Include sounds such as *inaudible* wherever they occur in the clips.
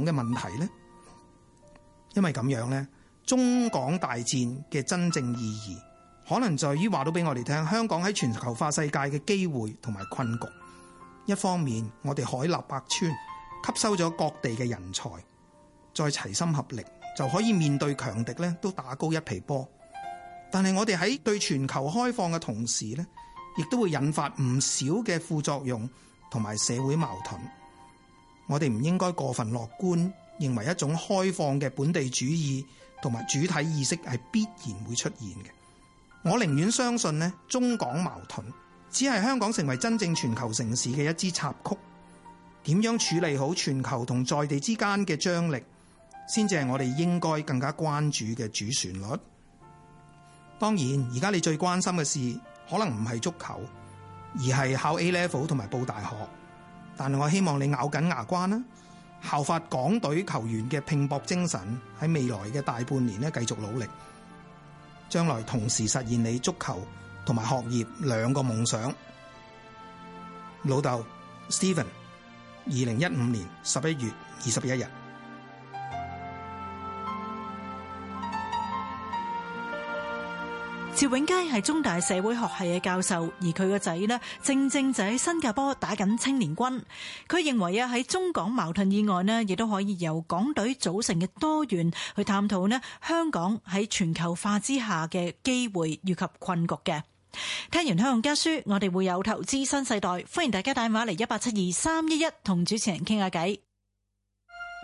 嘅問題呢，因為咁樣呢，中港大戰嘅真正意義，可能在於話到俾我哋聽，香港喺全球化世界嘅機會同埋困局。一方面，我哋海納百川，吸收咗各地嘅人才，再齊心合力，就可以面對強敵呢，都打高一皮波。但係我哋喺對全球開放嘅同時呢，亦都會引發唔少嘅副作用同埋社會矛盾。我哋唔應該過分樂觀，認為一種開放嘅本地主義同埋主體意識係必然會出現嘅。我寧願相信呢，中港矛盾只係香港成為真正全球城市嘅一支插曲。點樣處理好全球同在地之間嘅張力，先至係我哋應該更加關注嘅主旋律。當然，而家你最關心嘅事，可能唔係足球，而係考 A level 同埋報大學。但我希望你咬緊牙關啦，效法港隊球員嘅拼搏精神，喺未來嘅大半年咧繼續努力，將來同時實現你足球同埋學業兩個夢想。老豆 Stephen，二零一五年十一月二十一日。趙永佳係中大社會學系嘅教授，而佢個仔呢，正正就喺新加坡打緊青年軍。佢認為啊，喺中港矛盾以外呢，亦都可以由港隊組成嘅多元去探討呢，香港喺全球化之下嘅機會以及困局嘅。聽完香港家書，我哋會有投資新世代，歡迎大家打電話嚟一八七二三一一同主持人傾下偈。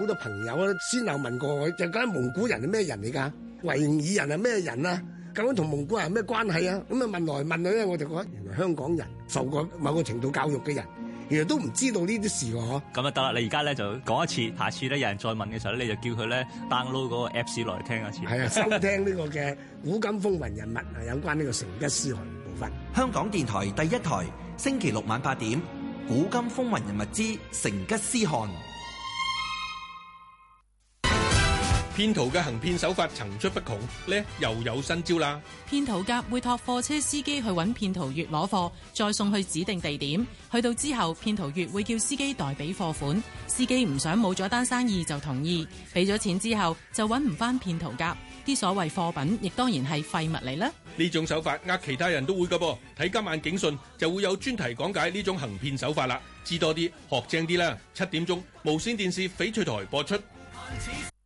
好多朋友啊，先後問過我，就講蒙古人係咩人嚟噶？維吾爾人係咩人啊？咁樣同蒙古人有咩關係啊？咁啊問來問去咧，我就覺得原來香港人受過某個程度教育嘅人，原來都唔知道呢啲事喎。咁啊得啦，你而家咧就講一次，下次咧有人再問嘅時候咧，你就叫佢咧 download 嗰個 apps 嚟聽一次。係啊，收聽呢個嘅《古今風雲人物》啊， *laughs* 有關呢個成吉思汗部分。香港電台第一台，星期六晚八點，《古今風雲人物之成吉思汗》。騙徒嘅行騙手法層出不窮，呢又有新招啦！騙徒甲會託貨車司機去揾騙徒乙攞貨，再送去指定地點。去到之後，騙徒乙會叫司機代俾貨款，司機唔想冇咗單生意就同意，俾咗錢之後就揾唔返騙徒甲。啲所謂貨品亦當然係廢物嚟啦！呢種手法，呃其他人都會㗎噃。睇今晚警訊就會有專題講解呢種行騙手法啦，知多啲，學精啲啦！七點鐘無綫電視翡翠台播出。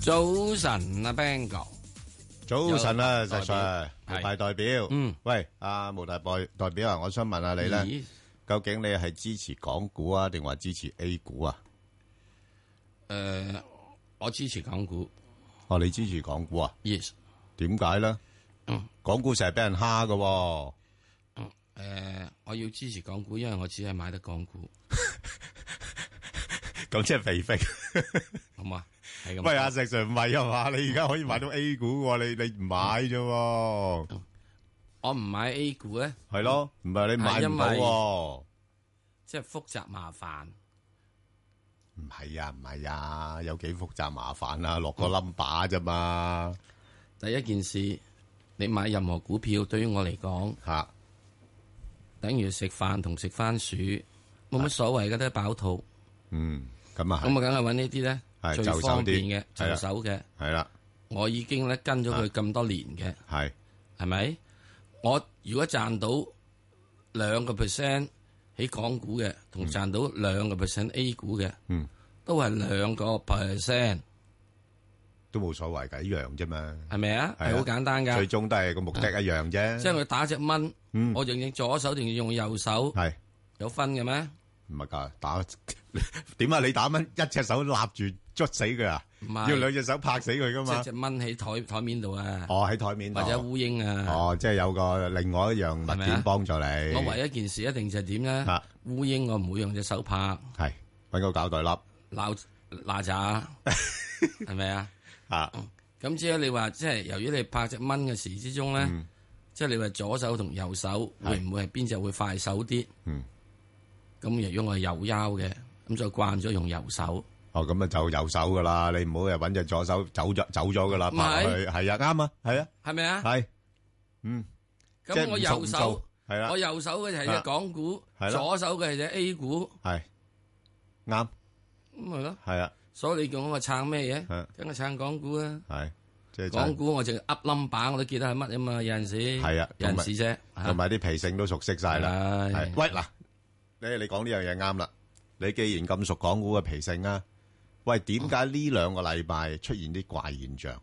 早晨啊 Bingo 早晨啊，石 Sir 派代表。嗯，喂，阿、啊、毛大代代表啊，我想問下你咧、嗯，究竟你係支持港股啊，定話支持 A 股啊？誒、呃，我支持港股。哦，你支持港股啊？Yes。點解咧？港股成日俾人蝦噶、啊。誒、嗯呃，我要支持港股，因為我只係買得港股。咁即係肥肥， *laughs* 好唔好啊？係咁喂，啊，石 Sir，唔係啊嘛，你而家可以買到 A 股喎，你你唔買啫？我唔買 A 股咧，係咯，唔係你買唔到，即係、就是、複雜麻煩。唔係啊，唔係啊，有幾複雜麻煩啊？落個冧把啫嘛。第一件事，你買任何股票，對於我嚟講，吓、啊、等於食飯同食番薯，冇乜所謂㗎，都係飽肚。嗯，咁、嗯、啊，咁、嗯、啊，梗係揾呢啲咧。係，最方便嘅，就手嘅，係啦。我已經咧跟咗佢咁多年嘅，係，係咪？我如果賺到兩個 percent 喺港股嘅，同賺到兩個 percent A 股嘅，嗯，都係兩個 percent，都冇所謂噶，一樣啫嘛。係咪啊？係好簡單噶，最終都係個目的一樣啫。即係佢打隻蚊，我用左手定用右手，係有分嘅咩？唔係噶，打點啊！你打蚊，一隻手立住捉死佢啊！唔係，要兩隻手拍死佢噶嘛？只、就是、蚊喺台台面度啊！哦，喺台面或者烏蠅啊！哦，即、就、係、是、有個另外一樣物件幫助你。是是啊、我唯一件事一定就係點咧？烏蠅、啊、我唔會用隻手拍，係搵個膠袋笠，拿拿渣係咪啊？啊！咁、嗯、即係你話，即係由於你拍隻蚊嘅時之中咧、嗯，即係你話左手同右手會唔會係邊隻會快手啲？嗯。咁如果我係右腰嘅，咁就慣咗用右手。哦，咁啊就右手噶啦，你唔好又揾隻左手走咗走咗噶啦，埋落去係啊啱啊，係啊，係咪啊？係，嗯，咁我右手，我右手嘅係隻港股，左手嘅係隻 A 股，係啱，咁咪咯，係啊，所以你叫我撐咩嘢？跟我撐港股啊，係，港股我淨係噏冧板，我都記得係乜啊嘛，有陣時係啊，有陣時啫，同埋啲脾性都熟悉晒啦，係喂嗱。你你講呢樣嘢啱啦，你既然咁熟港股嘅脾性啊，喂，點解呢兩個禮拜出現啲怪現象？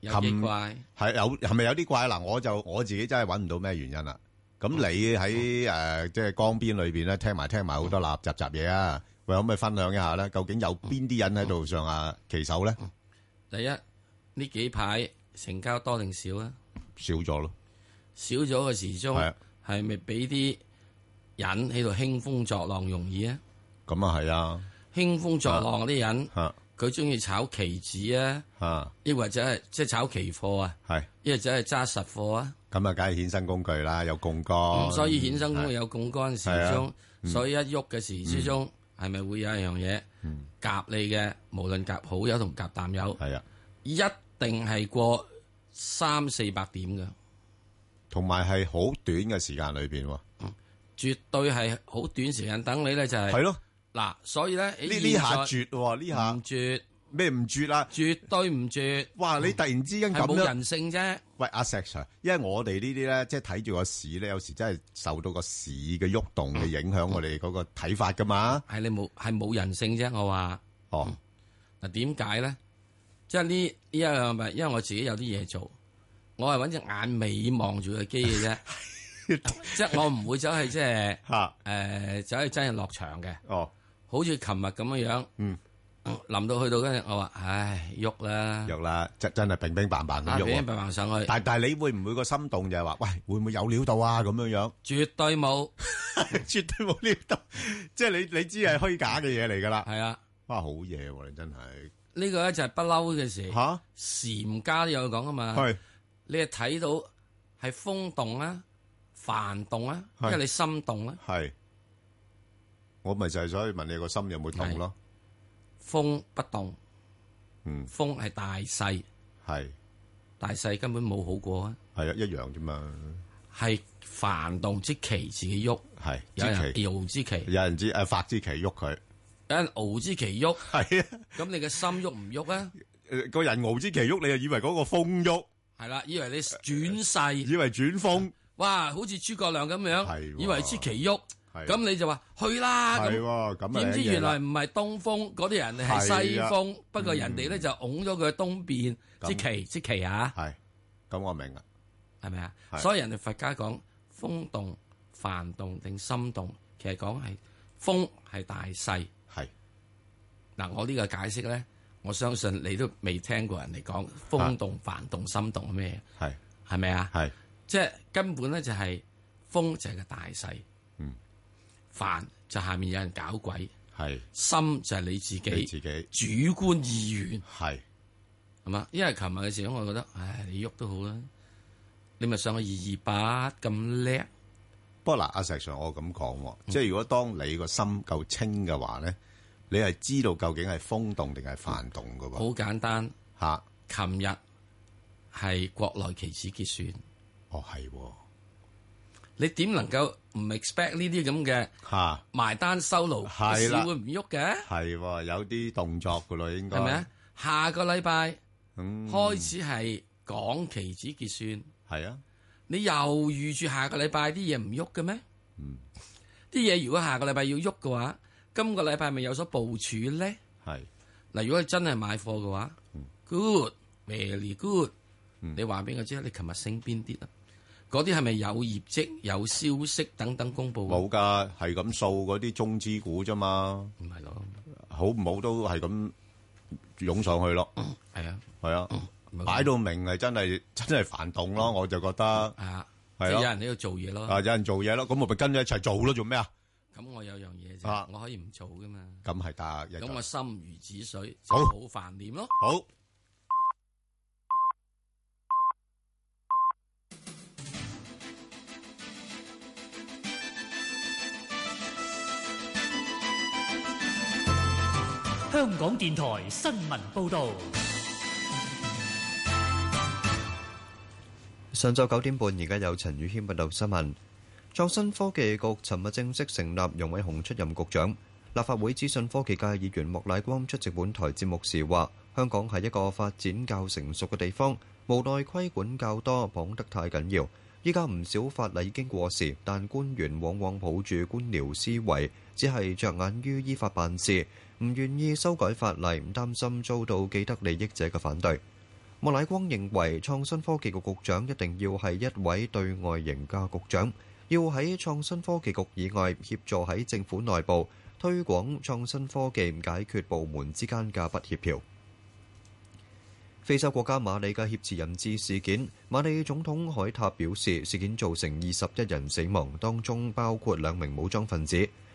有啲怪係有係咪有啲怪嗱？我就我自己真係揾唔到咩原因啦。咁你喺誒即係江邊裏邊咧，聽埋聽埋好多垃雜雜嘢啊！喂，可唔可以分享一下咧？究竟有邊啲人喺度上下其手咧？第一，呢幾排成交多定少啊？少咗咯，少咗嘅時鐘係咪俾啲？人喺度興風作浪容易啊？咁啊係啊！興風作浪啲人，佢中意炒期指啊，亦、啊啊啊、或者係即係炒期貨啊，亦、啊、或者係揸實貨啊？咁啊，梗係衍生工具啦，有槓桿。咁、嗯、所以衍生工具有槓桿時鐘，中、嗯啊嗯、所以一喐嘅時，之中係咪、嗯、會有一樣嘢夾、嗯、你嘅？無論夾好友同夾淡友，係、嗯、啊，一定係過三四百點嘅，同埋係好短嘅時間裏邊。嗯絕對係好短時間等你咧，就係係咯嗱，所以咧呢呢下絕呢下絕咩唔絕啦、啊？絕對唔絕！哇，你突然之間咁冇人性啫！喂，阿石 Sir，因為我哋呢啲咧，即係睇住個市咧，有時真係受到市個市嘅喐動嘅影響，我哋嗰個睇法噶嘛。係你冇係冇人性啫？我話哦，嗱、嗯，點解咧？即係呢呢一樣咪，因為我自己有啲嘢做，我係搵隻眼尾望住個機嘅啫。 *laughs* *laughs* 即係我唔會走去、就是，即係誒，走、呃、去真係落場嘅哦，好似琴日咁樣樣，嗯，臨、啊、到去到跟住我話唉，喐啦，喐啦，即真真係冰冰棒棒咁喐、啊、冰冰棒棒上去。但但係，你會唔會個心動就係、是、話喂，會唔會有料到啊？咁樣樣絕對冇，絕對冇 *laughs* 料到，即係你你知係虛假嘅嘢嚟㗎喇。係啊，哇，好嘢、啊這個啊、你真係呢個咧就係不嬲嘅事吓，禪家都有講㗎嘛，係你係睇到係風動啦。幡動啊，因為你心動啦，係我咪就係想去問你個心有冇動咯？風不動，嗯，風係大細，係大細根本冇好過啊，係啊，一樣啫嘛。係幡動之旗，自己喐，係有人傲之旗，有人之誒發之旗喐佢，有人傲之旗喐，係啊。咁你嘅心喐唔喐啊？個人傲之旗喐，你就以為嗰個風喐，係啦，以為你轉勢，以為轉風。哇，好似諸葛亮咁樣，以為知其喐，咁你就話去啦。係喎，咁啊，點知原來唔係東風嗰啲人，係西風。不過人哋咧、嗯、就㧬咗佢東邊，即奇即奇啊！係，咁我明啊，係咪啊？所以人哋佛家講風動、幡動定心動，其實講係風係大勢。係嗱，我呢個解釋咧，我相信你都未聽過人哋講風動、幡動、心動係咩？係係咪啊？係。即係根本咧，就係風就係個大勢，嗯，煩就下面有人搞鬼，係心就係你自己，你自己主觀意願係係嘛？因為琴日嘅時候，我覺得唉，你喐都好啦，你咪上去二二八咁叻。不過嗱，阿、啊、石 sir 我咁講、嗯，即係如果當你個心夠清嘅話咧，你係知道究竟係風動定係煩動噶。好、嗯、簡單吓，琴日係國內期指結算。哦係、哦，你點能夠唔 expect 呢啲咁嘅吓埋單收路，樓、啊，會唔喐嘅？係有啲動作噶啦，應該係咪啊？下個禮拜開始係講期指結算，係啊，你又預住下個禮拜啲嘢唔喐嘅咩？嗯，啲嘢如果下個禮拜要喐嘅話，今個禮拜咪有所部署咧？係，嗱，如果你真係買貨嘅話、嗯、，good very good，你話俾我知，你琴日升邊啲啦？嗰啲係咪有業績、有消息等等公佈？冇噶，係咁掃嗰啲中資股啫嘛。唔係咯，好唔好都係咁湧上去咯。係啊，係啊，擺到明係真係真係煩動咯，我就覺得。係啊，係啊。有人喺度做嘢咯。啊，有人做嘢咯，咁我咪跟咗一齊做咯，做咩啊？咁我有樣嘢，啊，我可以唔做噶嘛？咁係得。咁我心如止水，好就好煩念咯。好。香港電台新聞報道：上晝九點半，而家有陳宇軒報道新聞。創新科技局尋日正式成立，楊偉雄出任局長。立法會資訊科技界議員莫乃光出席本台節目時話，香港係一個發展較成熟嘅地方，無奈規管較多，綁得太緊要。依家唔少法例已經過時，但官員往往抱住官僚思維，只係着眼於依法辦事。唔願意修改法例，唔擔心遭到既得利益者嘅反對。莫乃光認為，創新科技局局長一定要係一位對外型嘅局長，要喺創新科技局以外協助喺政府內部推廣創新科技，解決部門之間嘅不協調。非洲國家馬里嘅挾持人質事件，馬里總統海塔表示，事件造成二十一人死亡，當中包括兩名武裝分子。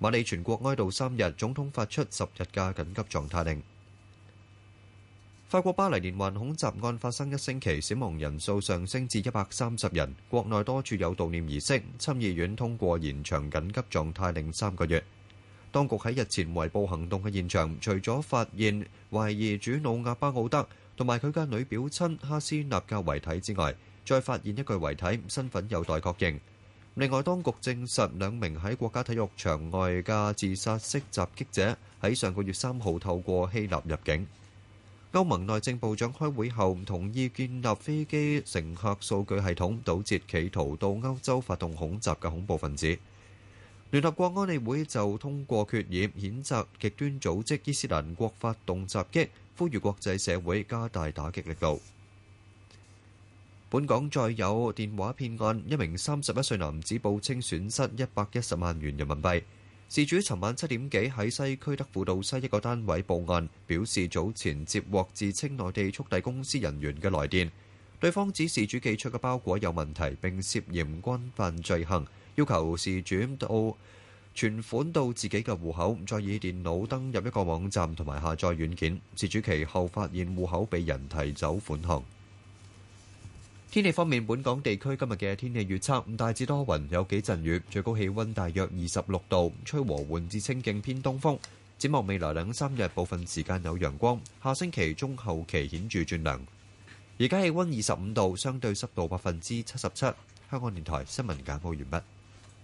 馬里全國哀悼三日，總統發出十日嘅緊急狀態令。法國巴黎連環恐襲案發生一星期，死亡人數上升至一百三十人。國內多處有悼念儀式。參議院通過延長緊急狀態令三個月。當局喺日前圍捕行動嘅現場，除咗發現懷疑主腦阿巴奧德同埋佢嘅女表親哈斯納嘅遺體之外，再發現一具遺體，身份有待確認。另外，當局證實兩名喺國家體育場外嘅自殺式襲擊者喺上個月三號透過希臘入境。歐盟內政部長開會後唔同意建立飛機乘客數據系統，堵截企圖到歐洲發動恐襲嘅恐怖分子。聯合國安理會就通過決議，譴責極端組織伊斯蘭國發動襲擊，呼籲國際社會加大打擊力度。本港再有電話騙案，一名三十一歲男子報稱損失一百一十萬元人民幣。事主尋晚七點幾喺西區德輔道西一個單位報案，表示早前接獲自稱內地速遞公司人員嘅來電，對方指事主寄出嘅包裹有問題，並涉嫌干犯罪行，要求事主到存款到自己嘅戶口，再以電腦登入一個網站同埋下載軟件。事主其後發現戶口被人提走款項。天氣方面，本港地區今日嘅天氣預測，大致多雲，有幾陣雨，最高氣温大約二十六度，吹和緩至清勁偏東風。展望未來兩三日，部分時間有陽光。下星期中後期顯著轉涼。而家氣温二十五度，相對濕度百分之七十七。香港電台新聞簡報完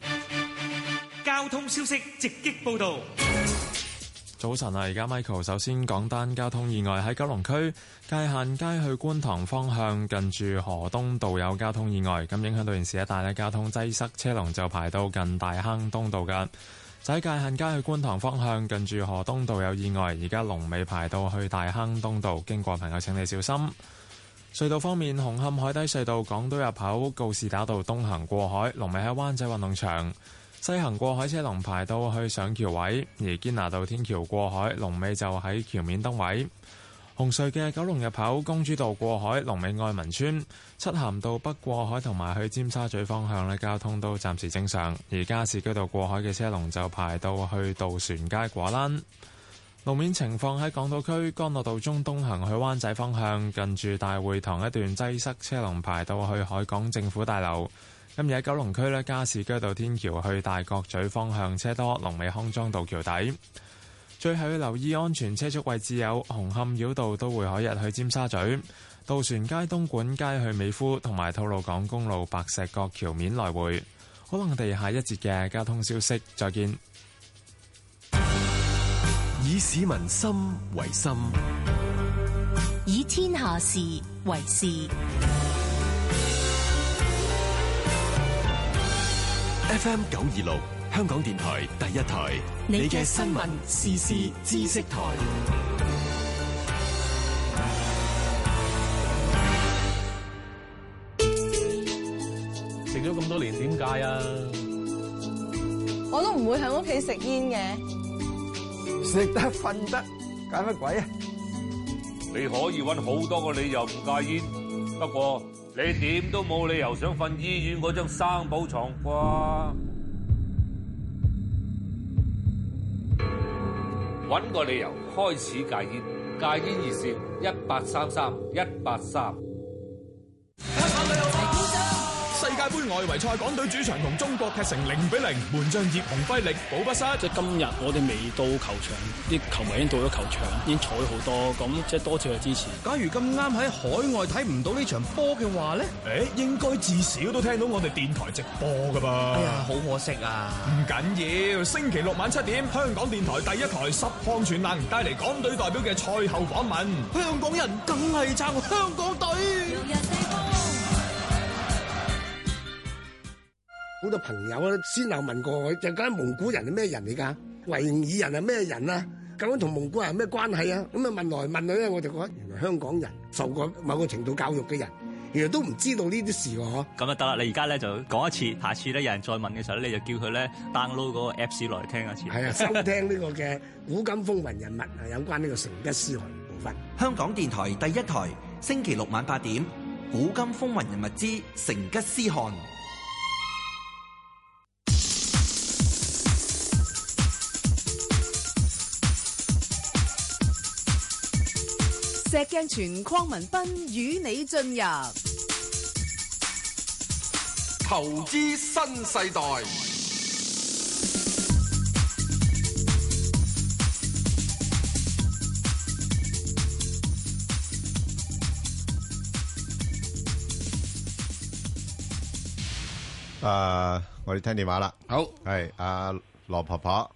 畢。交通消息直擊報道。早晨啊！而家 Michael 首先講單交通意外，喺九龍區界限街去觀塘方向近住河東道有交通意外，咁影響到現時一帶嘅交通擠塞，車龍就排到近大坑東道噶。就喺界限街去觀塘方向近住河東道有意外，而家龍尾排到去大坑東道，經過朋友請你小心。隧道方面，紅磡海底隧道港島入口告士打道東行過海龍尾喺灣仔運動場。西行，過海車龍排到去上橋位，而堅拿道天橋過海龍尾就喺橋面燈位。紅隧嘅九龍入口公主道過海龍尾愛民村，漆咸道北過海同埋去尖沙咀方向呢，交通都暫時正常。而加士居道過海嘅車龍就排到去渡船街果欄。路面情況喺港島區，干諾道中東行去灣仔方向，近住大會堂一段擠塞，車龍排到去海港政府大樓。今日喺九龍區咧，加士居道天橋去大角咀方向車多，龍尾康莊道橋底。最後要留意安全車速位置有紅磡繞道都會可日去尖沙咀，渡船街、東莞街去美孚，同埋吐露港公路白石角橋面來回。可能地下一節嘅交通消息再見。以市民心為心，以天下事為事。FM 九二六，香港電台第一台。你嘅新聞、時事、知識台。食咗咁多年，點解啊？我都唔會喺屋企食煙嘅。食得瞓得，戒乜鬼啊？你可以揾好多個理由唔戒煙，不過。你點都冇理由想瞓醫院嗰張生保床啩？搵個理由開始戒煙，戒煙熱線一八三三一八三。1833, 183 *music* 世界杯外圍賽，港隊主場同中國踢成零比零，門將葉洪輝力保不失。即係今日我哋未到球場，啲球迷已經到咗球場，已經彩好多。咁即係多謝支持。假如咁啱喺海外睇唔到場呢場波嘅話咧，誒、欸，應該至少都聽到我哋電台直播噶噃。哎呀，好可惜啊！唔緊要，星期六晚七點，香港電台第一台十項全能帶嚟港隊代表嘅賽後訪問。香港人梗係撐香港隊。好多朋友啊，先後問過佢，就覺得蒙古人係咩人嚟㗎？維吾爾人係咩人啊？究竟同蒙古人係咩關係啊？咁啊，問來問去咧，我就覺得原來香港人受過某個程度教育嘅人，原來都唔知道呢啲事㗎。咁啊得啦，你而家咧就講一次，下次咧有人再問嘅時候咧，你就叫佢咧 download 嗰個 apps 落嚟聽一次。係啊，收聽呢個嘅《古今風雲人物》啊，有關呢個成吉思汗嘅部分。香港電台第一台，星期六晚八點，《古今風雲人物之成吉思汗》。石鏡泉、鄺民彬與你進入投資新世代。誒、uh，我哋聽電話啦。好，係阿羅婆婆。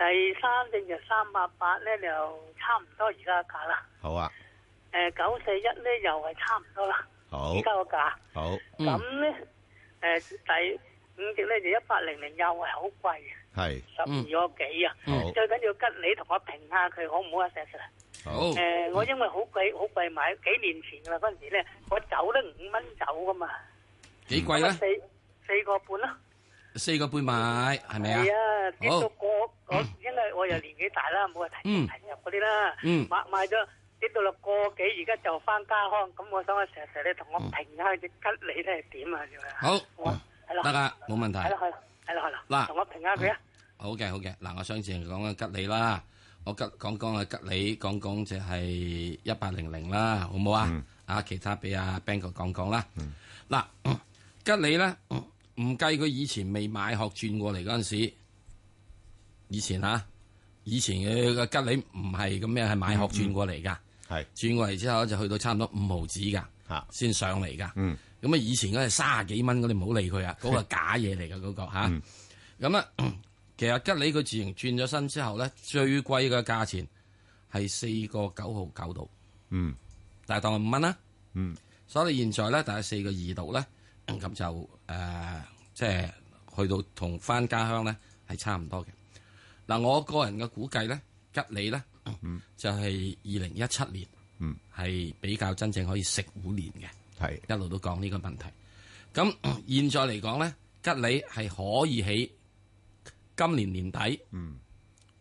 第三正就三百八咧，就差唔多而家價啦。好啊，誒九四一咧又係差唔多啦。好，而家個價。好，咁咧誒第五隻咧就一百零零又係好貴嘅。係，十二個幾啊？好，最緊要吉，你同我評下佢好唔好啊？Sir，好。誒，我因為好貴，好貴買，幾年前噶啦，嗰陣時咧，我走都五蚊走噶嘛。幾貴咧？四四個半咯。四個半買係咪啊？係啊。好。我因為我又年紀大啦，冇話提入提入嗰啲啦，買買咗跌到落個幾，而家就翻家康。咁我想啊，成日成日你同我評下隻吉利咧係點啊？好，係啦，得啦，冇問題。係啦，係啦，係啦，係啦。嗱，同我評下佢啊。好嘅，好嘅。嗱，我上次講緊吉利啦。我吉講講啊吉利，講講就係一八零零啦，好唔好啊？啊，其他俾阿 Bang 哥講講啦。嗱，吉利咧，唔計佢以前未買學轉過嚟嗰陣時。以前啊，以前嘅嘅吉利唔係咁咩？係買殼轉過嚟噶，轉、嗯嗯、過嚟之後就去到差唔多五毫子噶，先、啊、上嚟噶。咁、嗯、啊，以前嗰係卅幾蚊，你唔好理佢、那個、啊，嗰個假嘢嚟噶嗰個吓。咁啊，其實吉利佢自從轉咗身之後咧，最貴嘅價錢係四個九毫九度，嗯，但係當係五蚊啦，嗯，所以現在咧，大概四個二度咧，咁、嗯、就誒，即、呃、係、就是、去到同翻家鄉咧係差唔多嘅。嗱，我個人嘅估計咧，吉利咧就係二零一七年，係比較真正可以食五年嘅，一路都講呢個問題。咁現在嚟講咧，吉利係可以喺今年年底、嗯，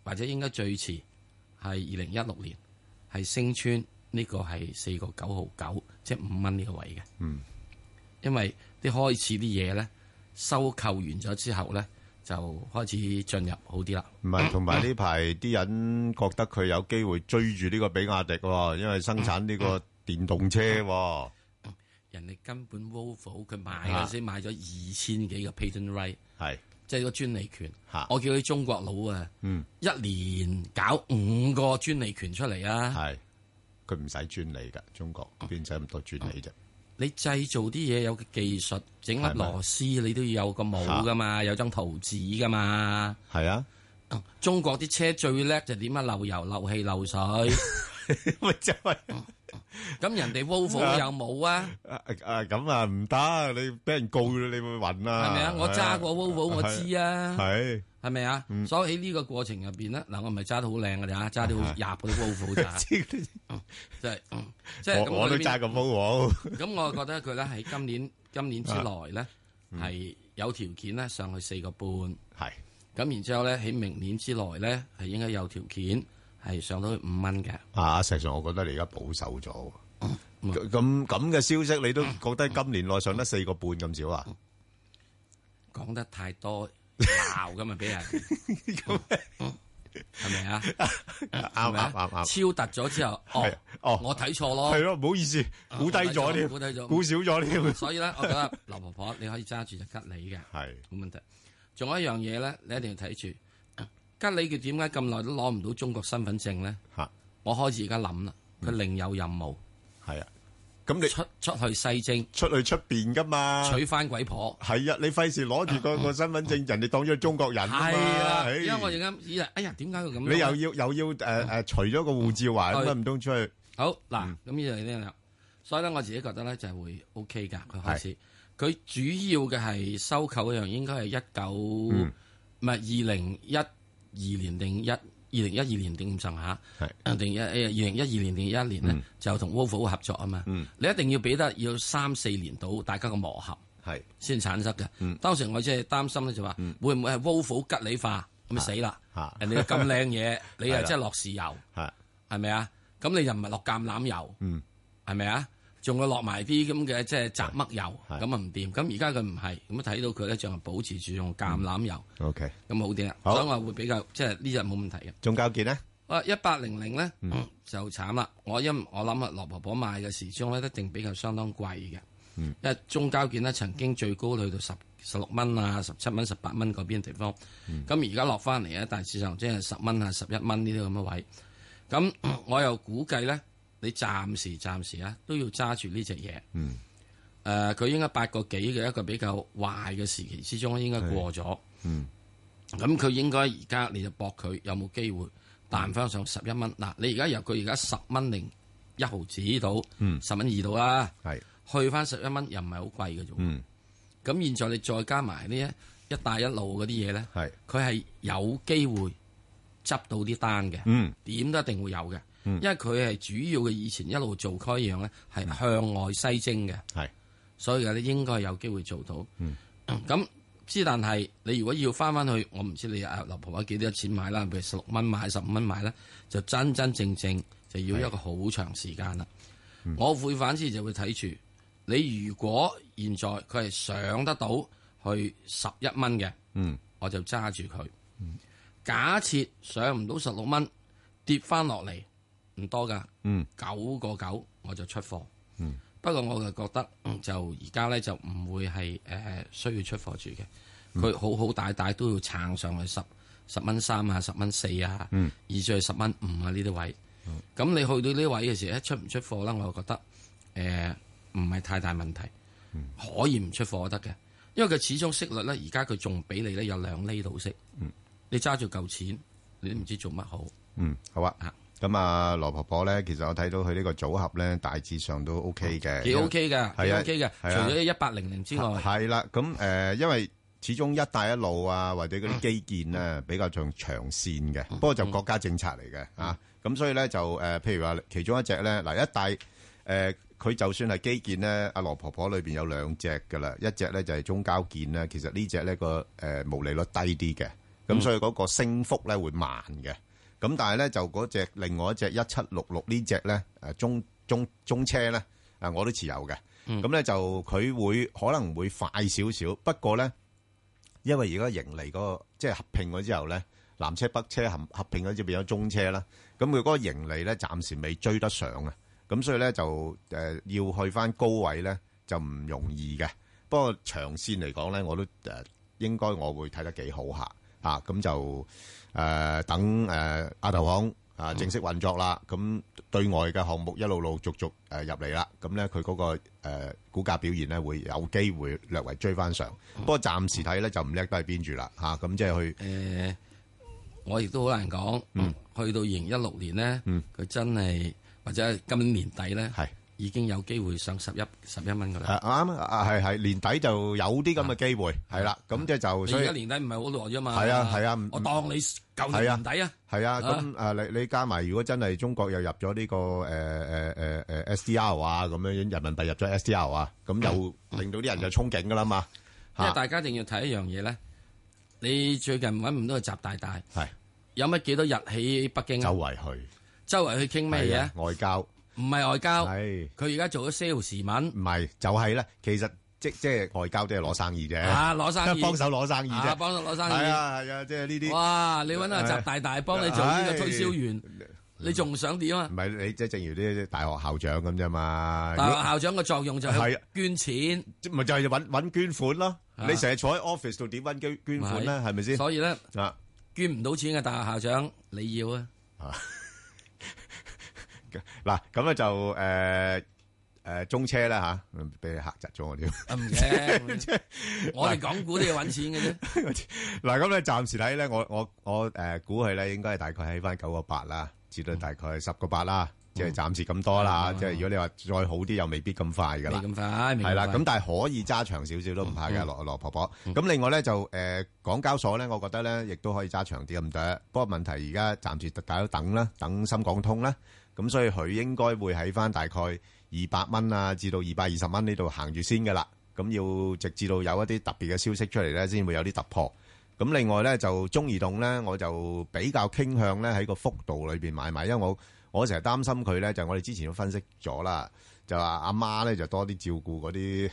或者應該最遲係二零一六年，係升穿呢個係四個九毫九，即五蚊呢個位嘅、嗯。因為啲開始啲嘢咧，收購完咗之後咧。就開始進入好啲啦。唔係，同埋呢排啲人覺得佢有機會追住呢個比亞迪喎，因為生產呢個電動車。人哋根本 Volvo 佢買先買咗二千幾個 patent right，即係、係、個專利權。我叫佢中國佬啊、嗯，一年搞五個專利權出嚟啊。佢唔使專利㗎，中國邊使咁多專利啫？嗯。你製造啲嘢有個技術，整粒螺絲你都要有個模㗎嘛，有張圖紙㗎嘛。係啊，中國啲車最叻就點樣漏油、漏氣、漏水。 *laughs* 咪就係，咁人哋 Wolf 有冇啊？啊咁啊，唔得，你俾人告你，你會暈啊？係咪啊？我揸過 Wolf，我知啊。係係咪啊？所以喺呢個過程入邊咧，嗱，我唔係揸得好靚嘅咋，揸啲廿倍 Wolf 咋。即係，即係，我都揸個 Wolf。咁我覺得佢咧喺今年，今年之內咧係有條件咧上去四個半，係。咁然之後咧喺明年之內咧係應該有條件。係上到五蚊嘅，啊！石 Sir，我覺得你而家保守咗。咁咁嘅消息，你都覺得今年內上得四個半咁少啊？講得太多鬧咁啊！俾人係咪、嗯嗯嗯嗯嗯嗯嗯、啊？啊啊是是啊，啊，啊，啊！超突咗之後，哦哦，我睇錯咯，係咯，唔好意思，估低咗添。估低咗，估少咗添。所以咧，我覺得劉婆婆你可以揸住隻吉利嘅，係冇問題。仲有一樣嘢咧，你一定要睇住。家你佢點解咁耐都攞唔到中國身份證咧？嚇！我開始而家諗啦，佢另有任務。係、嗯、啊，咁你出出去西征，出去出邊噶嘛？娶返鬼婆。係啊，你費事攞住個個、啊、身份證，啊、人哋當咗中國人啊嘛？因為、啊哎、我而家哎呀，點解佢咁？你又要又要誒誒、呃嗯，除咗個護照還咁樣唔通出去？好嗱，咁依、嗯、樣呢咧，所以咧，我自己覺得咧就係、是、會 OK 噶。佢開始，佢主要嘅係收購嗰樣，應該係一九唔係二零一。二年定一，二零一二年定五上下，定一二零一二年定一年咧、嗯，就同 Wolf 合作啊嘛、嗯。你一定要俾得要三四年到，大家嘅磨合，先產生嘅、嗯。當時我即係擔心咧，就話、嗯、會唔會係 Wolf 吉利化咁死啦？人哋咁靚嘢，你又即係落豉油，係咪啊？咁、啊、你又唔係落橄欖油，係咪啊？仲會落埋啲咁嘅即係雜乜油，咁啊唔掂。咁而家佢唔係，咁睇到佢咧，仲係保持住用橄欖油。O K. 咁好掂啦，所以我想會比較即係呢日冇問題嘅。中交建呢。啊一八零零咧就慘啦。我因我諗啊，羅婆婆賣嘅時鐘咧，一定比較相當貴嘅、嗯。因為中交建呢，曾經最高去到十十六蚊啊，十七蚊、十八蚊嗰邊地方。咁而家落翻嚟咧，大市場即係十蚊啊，十一蚊呢啲咁嘅位。咁、嗯、我又估計咧。你暫時暫時啊，都要揸住呢隻嘢。誒、嗯，佢、呃、應該八個幾嘅一個比較壞嘅時期之中，應該過咗。咁佢、嗯、應該而家你就搏佢有冇機會彈翻上十一蚊嗱。你而家由佢而家十蚊零一毫紙到十蚊二度啦，去翻十一蚊又唔係好貴嘅啫。咁、嗯、現在你再加埋呢一帶一路嗰啲嘢咧，佢係有機會執到啲單嘅，點、嗯、都一定會有嘅。因為佢係主要嘅以前一路做開樣咧，係向外西征嘅。係，所以你應該有機會做到。咁、嗯、之但係你如果要翻翻去，我唔知道你阿劉婆婆幾多錢買啦，譬如十六蚊買，十五蚊買咧，就真真正，正正就要一個好長時間啦、嗯。我會反思就會睇住，你如果現在佢係上得到去十一蚊嘅，嗯，我就揸住佢。假設上唔到十六蚊，跌翻落嚟。唔多噶，嗯，九個九我就出貨。嗯，不過我就覺得就而家咧就唔會係誒、呃、需要出貨住嘅。佢、嗯、好好大大都要撐上去十十蚊三啊，十蚊四啊，嗯，而至係十蚊五啊呢啲位。嗯，咁你去到呢位嘅時候，一出唔出貨啦？我就覺得誒唔係太大問題，可以唔出貨得嘅，因為佢始終息率咧，而家佢仲俾你咧有兩厘度息，嗯，你揸住嚿錢，你都唔知做乜好，嗯，好啊，啊。 咁啊，羅婆婆咧，其實我睇到佢呢個組合咧，大致上都 OK 嘅，幾 OK 嘅，幾 OK 嘅、啊，除咗一八零零之外，係啦、啊。咁誒、啊，因為、呃、始終一帶一路啊，或者嗰啲基建啊,啊比較像長線嘅、嗯。不過就國家政策嚟嘅。咁所以咧就誒、呃，譬如話其中一隻咧，嗱，一帶誒，佢、呃、就算係基建咧，阿羅婆婆裏面有兩隻噶啦，一隻咧就係、是、中交建啦，其實隻呢隻呢個誒毛利率低啲嘅，咁所以嗰個升幅咧會慢嘅。咁但係咧，就嗰隻，另外一隻一七六六呢隻咧，誒、中中中車咧，啊我都持有嘅，咁咧就佢會可能會快少少，不過咧，因為而家盈利嗰個即係合併咗之後咧，南車北車合合併咗之後變咗中車啦，咁佢嗰個盈利咧暫時未追得上啊，咁所以咧就誒要去返高位咧就唔容易嘅，不過長線嚟講咧，我都誒應該我會睇得幾好下啊，咁就。誒、呃，等誒，亞投行啊正式運作啦，咁對外嘅項目一陸陸續續誒入嚟啦，咁咧佢嗰個誒、呃、股價表現咧會有機會略為追翻上，嗯、暫不過暫時睇咧就唔叻都係邊住啦吓，咁即係去誒，我亦都好難講，嗯，去到二零一六年咧，嗯，佢真係或者係今年年底咧，係。已經有機會上十一十一蚊噶啦，啱啊，係係年底就有啲咁嘅機會，係啦，咁即係就。而家年底唔係好耐啫嘛，係啊係啊，我當你舊年年底啊，係啊，咁啊你你加埋，如果真係中國又入咗呢個誒誒誒誒 SDR 啊，咁樣人民幣入咗 SDR 啊，咁又令到啲人就憧憬噶啦嘛，因為大家一定要睇一樣嘢咧，你最近揾唔到個習大大，係有乜幾多日喺北京？周圍去，周圍去傾咩嘢？外交。唔係外交，佢而家做咗 salesman，唔係就係啦。其實即即外交都係攞生意啫，攞生意，幫手攞生意啫，幫手攞生意。係啊，係啊，即係呢啲。哇，你搵阿習大大幫你做呢個推銷員，你仲想點啊？唔係你即係正如啲大學校長咁啫嘛？大學校長嘅作用就係捐錢，咪就係揾揾捐款咯。你成日坐喺 office 度點揾捐捐款咧？係咪先？所以咧，捐唔到錢嘅大學校長你要啊。嗱，咁咧就誒誒中車啦吓，俾、啊、你吓窒咗我哋。唔、啊、 *laughs* *laughs* 我哋港股都要搵錢嘅啫。嗱，咁咧暫時睇咧，我我我誒、呃、估佢咧，應該係大概喺翻九個八啦，至到大概十個八啦，即係暫時咁多啦。即、嗯、係如果你話再好啲，又未必咁快噶啦，係啦。咁但係可以揸長少少都唔怕㗎。羅、嗯、羅婆婆。咁、嗯、另外咧就誒、呃、港交所咧，我覺得咧亦都可以揸長啲咁多。不過問題而家暫時大家都等啦，等深港通啦。咁所以佢應該會喺翻大概二百蚊啊，至到二百二十蚊呢度行住先嘅啦。咁要直至到有一啲特別嘅消息出嚟呢，先會有啲突破。咁另外呢，就中移動呢，我就比較傾向呢喺個幅度裏面買賣，因為我我成日擔心佢呢，就是、我哋之前都分析咗啦。就話阿媽咧就多啲照顧嗰啲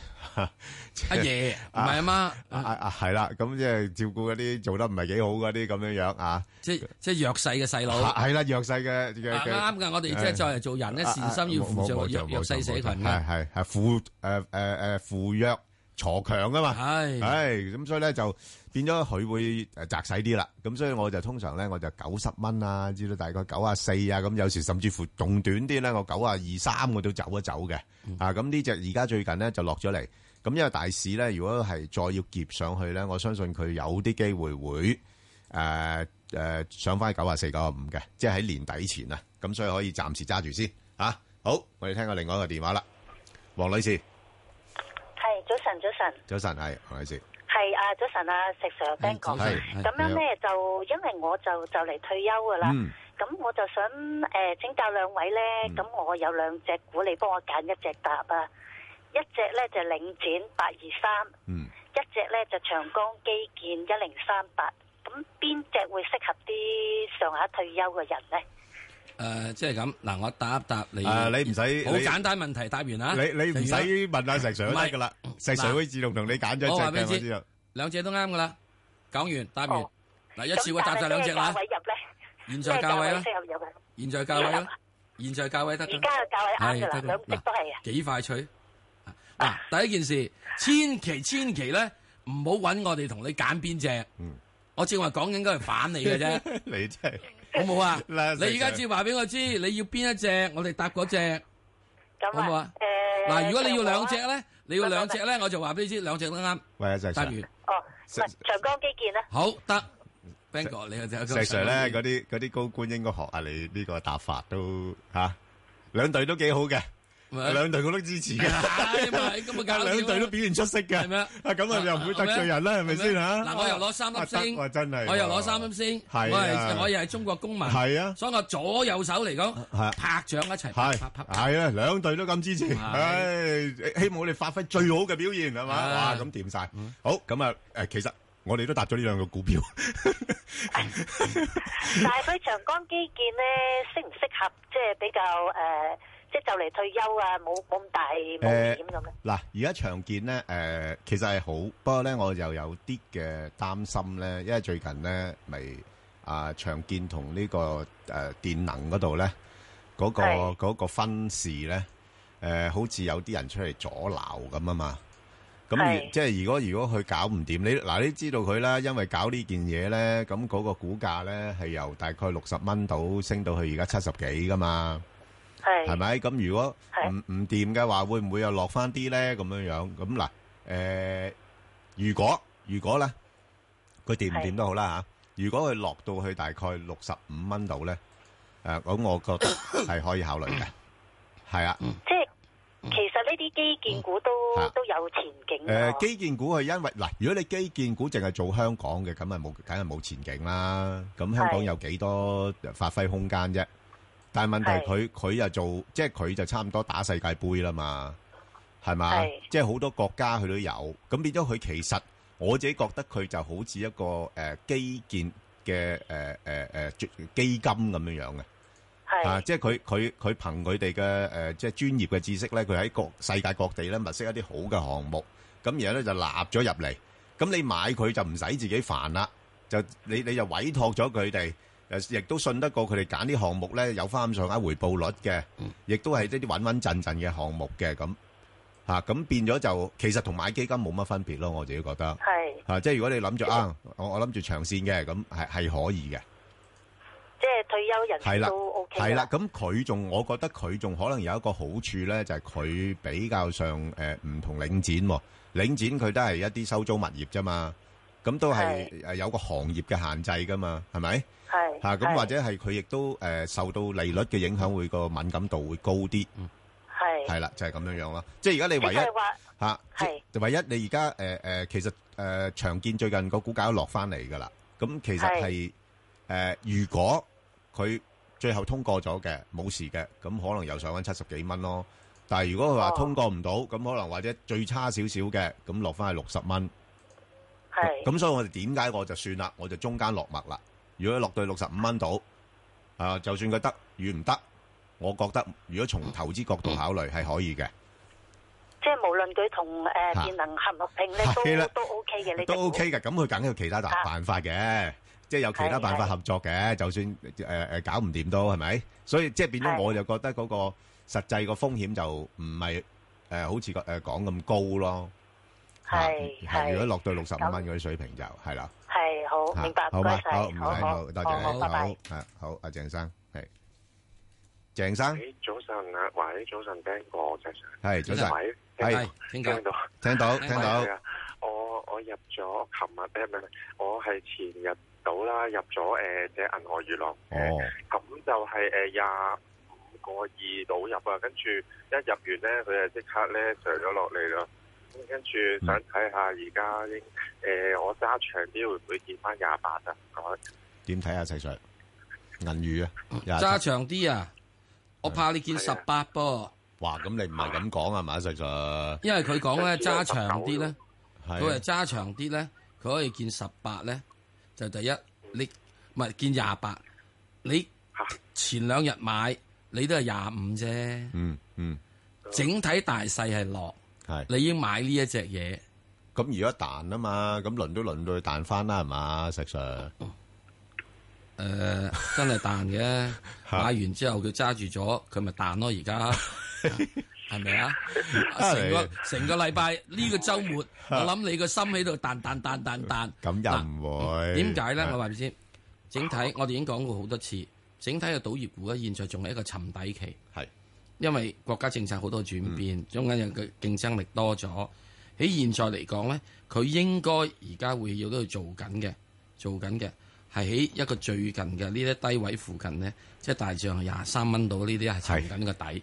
阿爺，唔係阿媽係啦，咁即係照顧嗰啲做得唔係幾好嗰啲咁樣樣啊，即即弱勢嘅細路係啦，弱勢嘅啱啱噶，我哋即係作為做人咧，啊、善心要扶助弱弱勢社群嘅，係係係扶誒誒誒扶弱。挫強噶嘛，唉咁、嗯、所以咧就變咗佢會誒窄細啲啦。咁所以我就通常咧我就九十蚊啊，知道大概九啊四啊，咁有時甚至乎仲短啲咧，我九啊二三我都走一走嘅、嗯。啊，咁呢隻而家最近咧就落咗嚟。咁因為大市咧，如果係再要劫上去咧，我相信佢有啲機會會誒、呃呃、上翻九啊四、九啊五嘅，即係喺年底前啊。咁所以可以暫時揸住先嚇、啊。好，我哋聽個另外一個電話啦，黃女士。早晨，早晨，早晨係何女士。係啊，早晨啊，石 Sir Ben 講。咁樣咧就因為我就就嚟退休噶啦，咁、嗯、我就想誒、呃、請教兩位咧，咁、嗯、我有兩隻股，你幫我揀一隻答啊，一隻咧就領展八二三，嗯，一隻咧就長江基建 1038, 一零三八，咁邊隻會適合啲上下退休嘅人咧？誒，即係咁，嗱，我答一答你。啊，你唔使好簡單問題答完啦。你你唔使問阿石 sir，買噶啦，石 sir 會自動同你揀咗一隻兩隻。兩隻都啱噶啦，講完答完，嗱，一次會答咗兩隻啦。現在價位啦，現在價位啦，現在價位得啦。而家嘅價位啱啦，兩隻都係啊。幾快趣。嗱，第一件事，千祈千祈咧，唔好揾我哋同你揀邊隻。嗯，我正話講緊嘅係反你嘅啫。你真係。好唔好啊？你而家先話俾我知，你要邊一隻，我哋答嗰隻，好唔好啊？嗱、呃，如果你要兩隻咧，你要兩隻咧，我就話俾你知，兩隻都啱。喂，Sir Sir，行 Bingo, Sir，就係三元。哦，長江基建咧。好得，Ben 哥，你啊就石 Sir 咧，嗰啲嗰啲高官應該學下你呢個答法都吓兩隊都幾好嘅。兩隊我都支持嘅，咁啊，兩隊都表現出色嘅，係咩？啊，咁啊，又唔會得罪人啦，係咪先吓？嗱，我又攞三粒星，我真係，我又攞三粒星，係啊，我又係中國公民，係啊，所以我左右手嚟講，拍掌一齊，係拍拍，係啊，兩隊都咁支持，唉，希望我哋發揮最好嘅表現，係嘛？哇，咁掂晒，好，咁啊，誒，其實我哋都搭咗呢兩個股票，但係對長江基建咧，適唔適合，即係比較誒？就嚟退休啊！冇咁大風險咁嘅。嗱，而家長建咧，誒，其實係好，不過咧，我又有啲嘅擔心咧，因為最近咧，咪啊長建同呢個誒電能嗰度咧，嗰個嗰個分時咧，誒，好似有啲人出嚟阻撓咁啊嘛。咁即係如果如果佢搞唔掂你嗱，你知道佢啦，因為搞呢件嘢咧，咁嗰個股價咧係由大概六十蚊到升到去而家七十幾噶嘛。係，係咪咁？如果唔唔掂嘅話，會唔會又落翻啲咧？咁樣樣咁嗱，誒，如果如果咧，佢掂唔掂都好啦吓。如果佢落到去大概六十五蚊度咧，誒，咁我覺得係可以考慮嘅。係啊，即係其實呢啲基建股都都有前景。誒，基建股係因為嗱，如果你基建股淨係做香港嘅，咁咪冇，梗係冇前景啦。咁香港有幾多發揮空間啫？但係問題，佢佢又做，即係佢就差唔多打世界盃啦嘛，係嘛？即係好多國家佢都有，咁變咗佢，其實我自己覺得佢就好似一個誒基建嘅誒誒誒基金咁樣樣嘅，啊！即係佢佢佢憑佢哋嘅誒即係專業嘅知識咧，佢喺各世界各地咧物色一啲好嘅項目，咁然後咧就納咗入嚟。咁你買佢就唔使自己煩啦，就你你就委託咗佢哋。亦都信得過佢哋揀啲項目咧，有翻咁上下回報率嘅，亦都係一啲穩穩陣陣嘅項目嘅咁吓，咁變咗就其實同買基金冇乜分別咯。我自己覺得係、啊、即係如果你諗住啊，我我諗住長線嘅，咁係係可以嘅。即係退休人士都 OK。係啦，咁佢仲，我覺得佢仲可能有一個好處咧，就係、是、佢比較上誒唔、呃、同領展、啊。領展佢都係一啲收租物業啫嘛，咁都係有個行業嘅限制噶嘛，係咪？係吓，咁或者係佢亦都誒、呃、受到利率嘅影響，會、那個敏感度會高啲。係係、就是、啦，就係咁樣樣咯。即係而家你唯一吓係、啊、唯一你而家誒誒，其實誒長、呃呃、建最近個股價都落翻嚟噶啦。咁其實係誒、呃，如果佢最後通過咗嘅冇事嘅，咁可能又上翻七十幾蚊咯。但係如果佢話通過唔到，咁、哦、可能或者最差少少嘅，咁落翻係六十蚊。係咁，所以我哋點解我就算啦，我就中間落墨啦。如果落對六十五蚊到，啊、呃，就算佢得與唔得，我覺得如果從投資角度考慮係可以嘅，即、嗯、係、就是、無論佢同誒電能合唔合併咧都 O K 嘅，你都 O K 嘅，咁佢梗有其他辦法嘅，即、啊、係、就是、有其他辦法合作嘅，就算誒誒、呃、搞唔掂都係咪？所以即係、就是、變咗我就覺得嗰、那個實際個風險就唔係誒好似講誒講咁高咯，係係如果落到六十五蚊嗰啲水平就係啦。係好明白，多謝，謝，好唔該多謝，謝，拜拜，好，阿鄭生係，鄭生，早晨啊，喂，早晨，聽我，鄭生，係，早晨，係，聽到，聽到，聽到，聽到我我入咗，琴日咩咩，我係前日到啦，入咗誒，隻銀河娛樂，哦，咁就係誒廿五個二到入啊，跟住一入完咧，佢就即刻咧上咗落嚟咯。跟住想睇下而家啲，誒、呃，我揸長啲會唔會見翻廿八啊？點睇啊，細 Sir？銀魚啊，揸長啲啊，我怕你見十八噃。哇，咁你唔係咁講啊，嘛，細 Sir？因為佢講咧揸長啲咧，佢話揸長啲咧，佢可以見十八咧。就第一，你唔係見廿八，你前兩日買你都係廿五啫。嗯嗯，整體大勢係落。係，你已經買呢一隻嘢，咁而家彈啊嘛，咁輪都輪到佢彈翻啦，係嘛，石 sir？哦。誒、呃，真係彈嘅， *laughs* 買完之後佢揸住咗，佢咪彈咯，而家係咪啊？成 *laughs* 個成個禮拜呢 *laughs* 個周末，我諗你個心喺度彈彈彈彈彈，咁又唔會？點解咧？呢 *laughs* 我話你先，整體 *laughs* 我哋已經講過好多次，整體嘅賭業股咧，現在仲係一個沉底期，係。因為國家政策好多轉變，中間有個競爭力多咗。喺現在嚟講咧，佢應該而家會要都去做緊嘅，做緊嘅係喺一個最近嘅呢啲低位附近咧，即係大致廿三蚊度，呢啲係沉緊個底，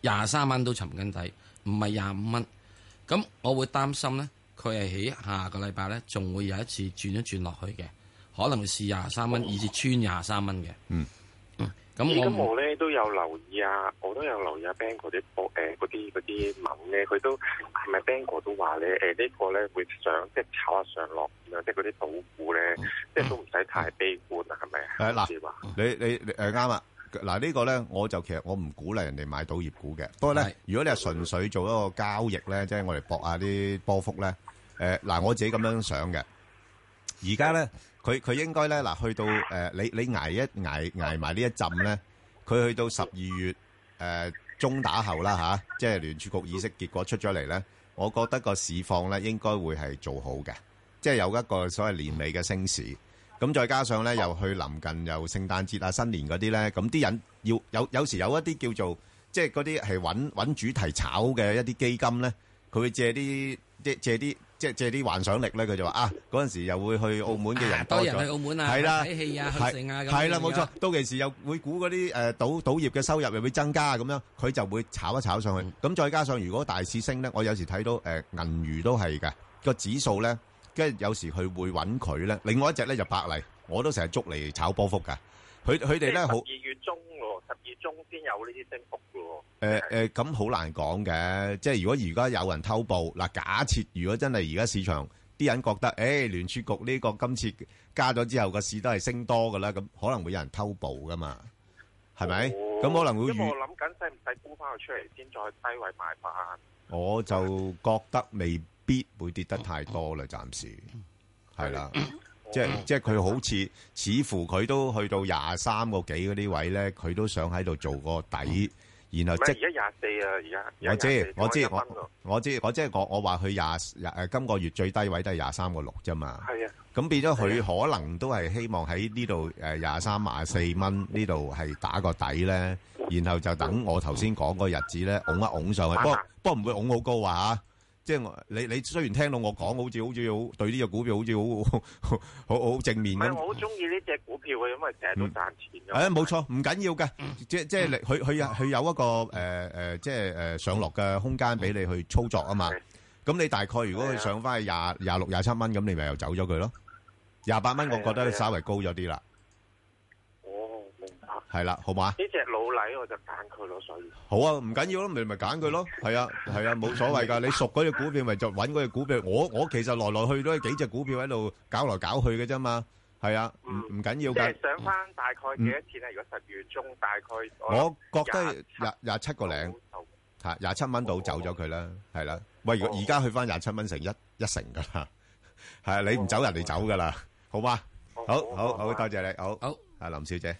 廿三蚊都沉緊底，唔係廿五蚊。咁我會擔心咧，佢係喺下個禮拜咧，仲會有一次轉一轉落去嘅，可能試廿三蚊，以至穿廿三蚊嘅。嗯而家我咧都有留意啊，我都有留意啊 Ben 哥啲波嗰啲嗰啲文咧，佢、呃、都係咪 Ben 哥都話咧誒呢、呃呢個咧會上即係炒下上落咁樣，即係嗰啲賭股咧，即係、嗯、都唔使太悲觀、嗯、啊，係咪、呃、啊？係啦，你你誒啱啊。嗱呢個咧，我就其實我唔鼓勵人哋買賭業股嘅。不過咧，如果你係純粹做一個交易咧，即、就、係、是、我哋搏下啲波幅咧，誒、呃、嗱我自己咁樣想嘅。而家咧。佢佢應該咧嗱，去到誒、呃、你你挨一挨挨埋呢一陣咧，佢去到十二月誒、呃、中打後啦嚇、啊，即係聯儲局議息結果出咗嚟咧，我覺得個市況咧應該會係做好嘅，即係有一個所謂年尾嘅升市。咁再加上咧又去臨近又聖誕節啊新年嗰啲咧，咁啲人要有有時有一啲叫做即係嗰啲係揾揾主題炒嘅一啲基金咧，佢會借啲即係借啲。借即係借啲幻想力咧，佢就話啊，嗰陣時又會去澳門嘅人多咗，係啦，多人去澳門啊，去城啊，咁係啦，冇錯。到其時又會估嗰啲誒賭賭業嘅收入又會增加咁樣，佢就會炒一炒上去。咁再加上如果大市升咧，我有時睇到誒銀娛都係嘅個指數咧，跟住有時佢會揾佢咧。另外一隻咧就百麗，我都成日捉嚟炒波幅嘅。佢佢哋咧好二月中。十二中先有呢啲升幅嘅喎。誒咁好難講嘅。即係如果而家有人偷步，嗱，假設如果真係而家市場啲人覺得，誒、欸、聯儲局呢、呢個今次加咗之後個市都係升多嘅啦，咁可能會有人偷步嘅嘛，係、哦、咪？咁可能會預。因為我諗緊，使唔使沽翻佢出嚟先，再低位買翻？我就覺得未必會跌得太多啦，暫時係啦。 *coughs* 即係即係佢好似似乎佢都去到廿三個幾嗰啲位咧，佢都想喺度做個底，然後即係而家廿四啊，而家我知我知我，我，我知我即係我知我話佢廿廿誒今個月最低位都係廿三個六啫嘛。係啊，咁變咗佢可能都係希望喺呢度誒廿三、廿四蚊呢度係打個底咧，然後就等我頭先講個日子咧，拱一拱上去不，不過不過唔會拱好高啊。即係我，你你雖然聽到我講，好似好似好，好對呢隻股票好似好好好，好，好正面咁。係我好中意呢隻股票嘅，因為成日都賺錢。誒、嗯，冇錯，唔緊要嘅，即係即係佢佢佢有一個誒誒、呃呃、即係誒、呃、上落嘅空間俾你去操作啊、嗯、嘛。咁你大概如果佢上翻去廿廿六廿七蚊，咁你咪又走咗佢咯。廿八蚊，我覺得你稍微高咗啲啦。係啦，好嘛？呢隻老禮我就揀佢咯，所以好啊，唔緊要咯，咪咪揀佢咯，係啊，係啊，冇所謂噶。你熟嗰隻股票咪就揾嗰隻股票。我我其實來來去都係幾隻股票喺度搞來搞去嘅啫嘛，係啊，唔唔緊要嘅。即係上翻大概幾多錢啊？如果十月中大概我覺得廿廿七個零，係廿七蚊到走咗佢啦，係啦。喂，如果而家去翻廿七蚊，成一一成噶啦，係啊，你唔走，人哋走噶啦，好嗎？好好好多謝你，好，阿林小姐。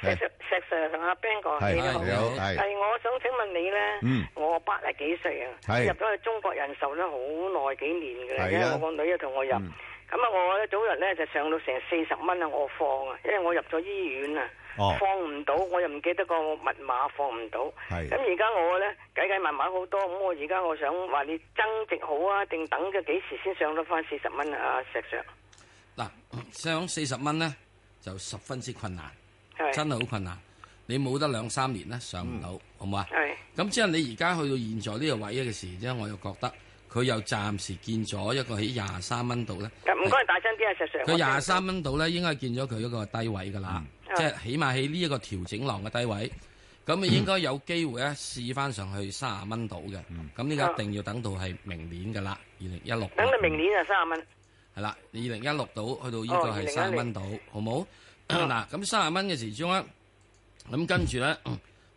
石石石阿 Ben 哥，你好，係，係，我想請問你咧、嗯，我八啊幾歲啊，入咗去中國人壽咧好耐幾年因咧，我個女又同我入，咁啊我咧早日咧就上到成四十蚊啊我放啊，因為我，我入咗、嗯、醫院啊、哦，放唔到，我又唔記得個密碼放唔到，咁而家我咧計計密碼好多，咁我而家我想話你增值好啊，定等咗幾時先上到翻四十蚊啊？石 s 嗱，上四十蚊咧就十分之困難。真係好困難，你冇得兩三年咧上唔到、嗯，好唔好啊？咁即係你而家去到現在呢個位嘅時候，即係我又覺得佢又暫時見咗一個喺廿三蚊度咧。唔、嗯、該，大聲啲呀，石佢廿三蚊度咧，應該見咗佢一個低位㗎啦、嗯，即係起碼喺呢一個調整浪嘅低位。咁、嗯、你應該有機會咧試翻上去卅蚊度嘅。咁呢個一定要等到係明年㗎啦，二零一六。等你明年就，卅蚊。係啦，二零一六度去到呢個係卅蚊度，好唔好？嗱，咁三十蚊嘅時鐘啦，咁跟住咧，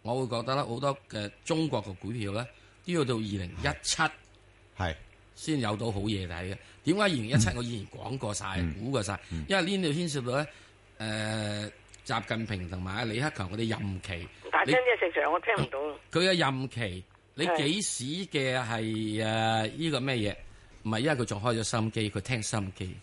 我會覺得咧好多嘅中國嘅股票咧，都要到二零一七係先有到好嘢睇嘅。點解二零一七？我以前講過晒、嗯、估過晒、嗯嗯，因為呢度牽涉到咧，誒、呃、習近平同埋李克強佢哋任期。大聲啲，正常我聽唔到。佢嘅任期，你幾時嘅係誒呢個咩嘢？唔係，因為佢仲開咗收音機，佢聽收音機。